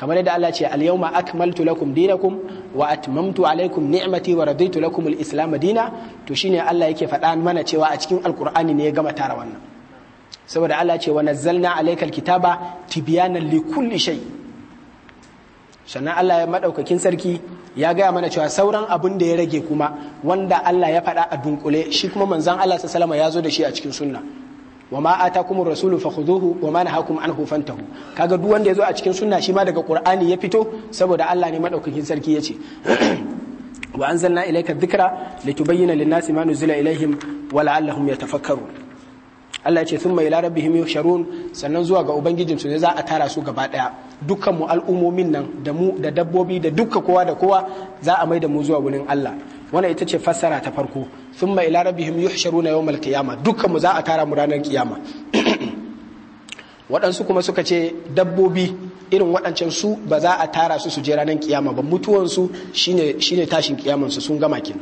kamar yadda Allah ce al yawma akmaltu lakum dinakum wa atmamtu alaikum ni'mati wa raditu lakum al islam dina to shine Allah yake faɗa mana cewa a cikin alqur'ani ne ya gama tara wannan saboda Allah ce wa nazzalna alayka al kitaba tibyanan li kulli shay sannan Allah ya madaukakin sarki ya gaya mana cewa sauran abin da ya rage kuma wanda Allah ya faɗa a dunkule shi kuma manzon Allah sallallahu alaihi wasallam ya zo da shi a cikin sunna wa ma kuma rasulu fakhuduhu wa ma nahakum anhu fantahu kaga duk wanda yazo a cikin sunna shi ma daga qur'ani ya fito saboda Allah ne madaukakin sarki yace [CLEARS THROAT] wa anzalna ilayka dhikra litubayyana lin-nasi ma nuzila ilayhim wa la'allahum yatafakkaru Allah ce sun mai rabbihim yusharun sharun sannan zuwa ga ubangijin su ne za a tara su gaba daya dukkan mu al'ummomin nan da mu da dabbobi da dukka kowa da kowa za a mai da mu zuwa wurin Allah wannan ita ce fassara ta farko Sun ila rabbihim yuhsharuna yawmal qiyama dukkan mu za a tara mu ranar kiyama waɗansu kuma suka ce dabbobi irin waɗancan su ba za a tara su su je ranar kiyama ba mutuwansu shine shine tashin kiyamansu sun gama kin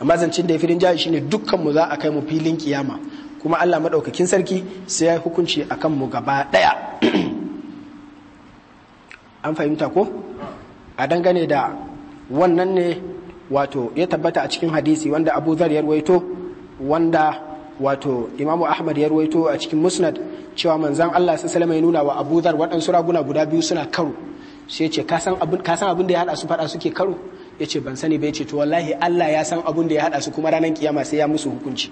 amma zancin da ya firin shine dukkan mu za a kai mu filin kiyama kuma Allah madaukakin sarki sai ya hukunci akan mu gaba daya an fahimta ko a dangane da wannan ne wato ya tabbata a cikin hadisi wanda abu zar ya ruwaito wanda wato imamu ahmad ya ruwaito a cikin musnad cewa manzan allah su salama ya nuna wa abu zar waɗansu raguna guda biyu suna karo sai ce ka san abin da ya haɗa su faɗa suke karo ya ce ban sani bai ce to wallahi allah ya san abin da ya haɗa su kuma ranar kiyama sai ya musu hukunci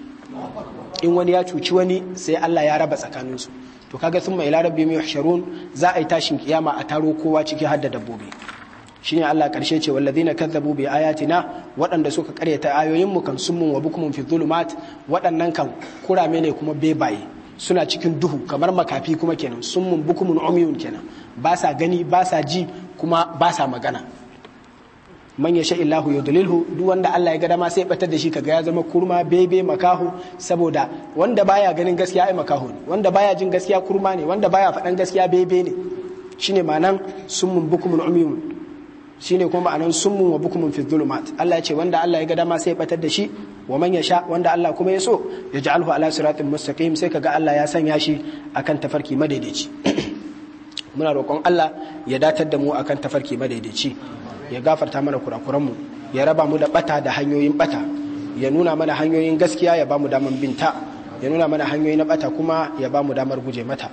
in wani ya cuci wani sai allah ya raba tsakaninsu to kaga sun mai larabi mai sharun za a yi tashin kiyama a taro kowa ciki har da dabbobi ne Allah karshe ce na kazzabu bi ayatina waɗanda suka karyata ayoyin mu kan summun wa bukumin fi zulumat waɗannan kan kurame ne kuma bebaye suna cikin duhu kamar makafi kuma kenan summun bukumun umyun kenan ba sa gani ba sa ji kuma ba sa magana man yasha illahu yudlilhu duk wanda Allah ya ga dama sai batar da shi kaga ya zama kurma bebe makaho saboda wanda baya ganin gaskiya ai makaho ne wanda baya jin gaskiya kurma ne wanda baya faɗan gaskiya bebe ne shine nan summun bukumun umyun shi ne kuma ma'anar summun wa bukumin fi dhulumat Allah ya ce wanda Allah ya ga dama sai ya batar da shi wa man sha wanda Allah kuma ya so ya ji alhu ala siratin mustaqim sai ka ga Allah ya sanya shi akan tafarki madaidaici [CLEARS THROAT] muna roƙon Allah ya datar da mu akan tafarki madaidaici ya gafarta mana kurakuran mu ya raba mu da bata da hanyoyin bata ya nuna mana hanyoyin gaskiya ya bamu damar binta ya nuna mana hanyoyin na bata kuma ya bamu damar guje mata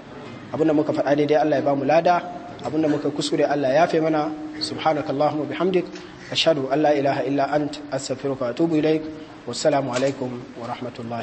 abinda muka faɗa daidai Allah ya bamu lada abinda muka kuskure Allah ya fe mana subhanakallahumma bihamdik ashhadu an la ilaha illa anta astaghfiruka wa atubu ilaik wassalamu alaikum wa rahmatullahi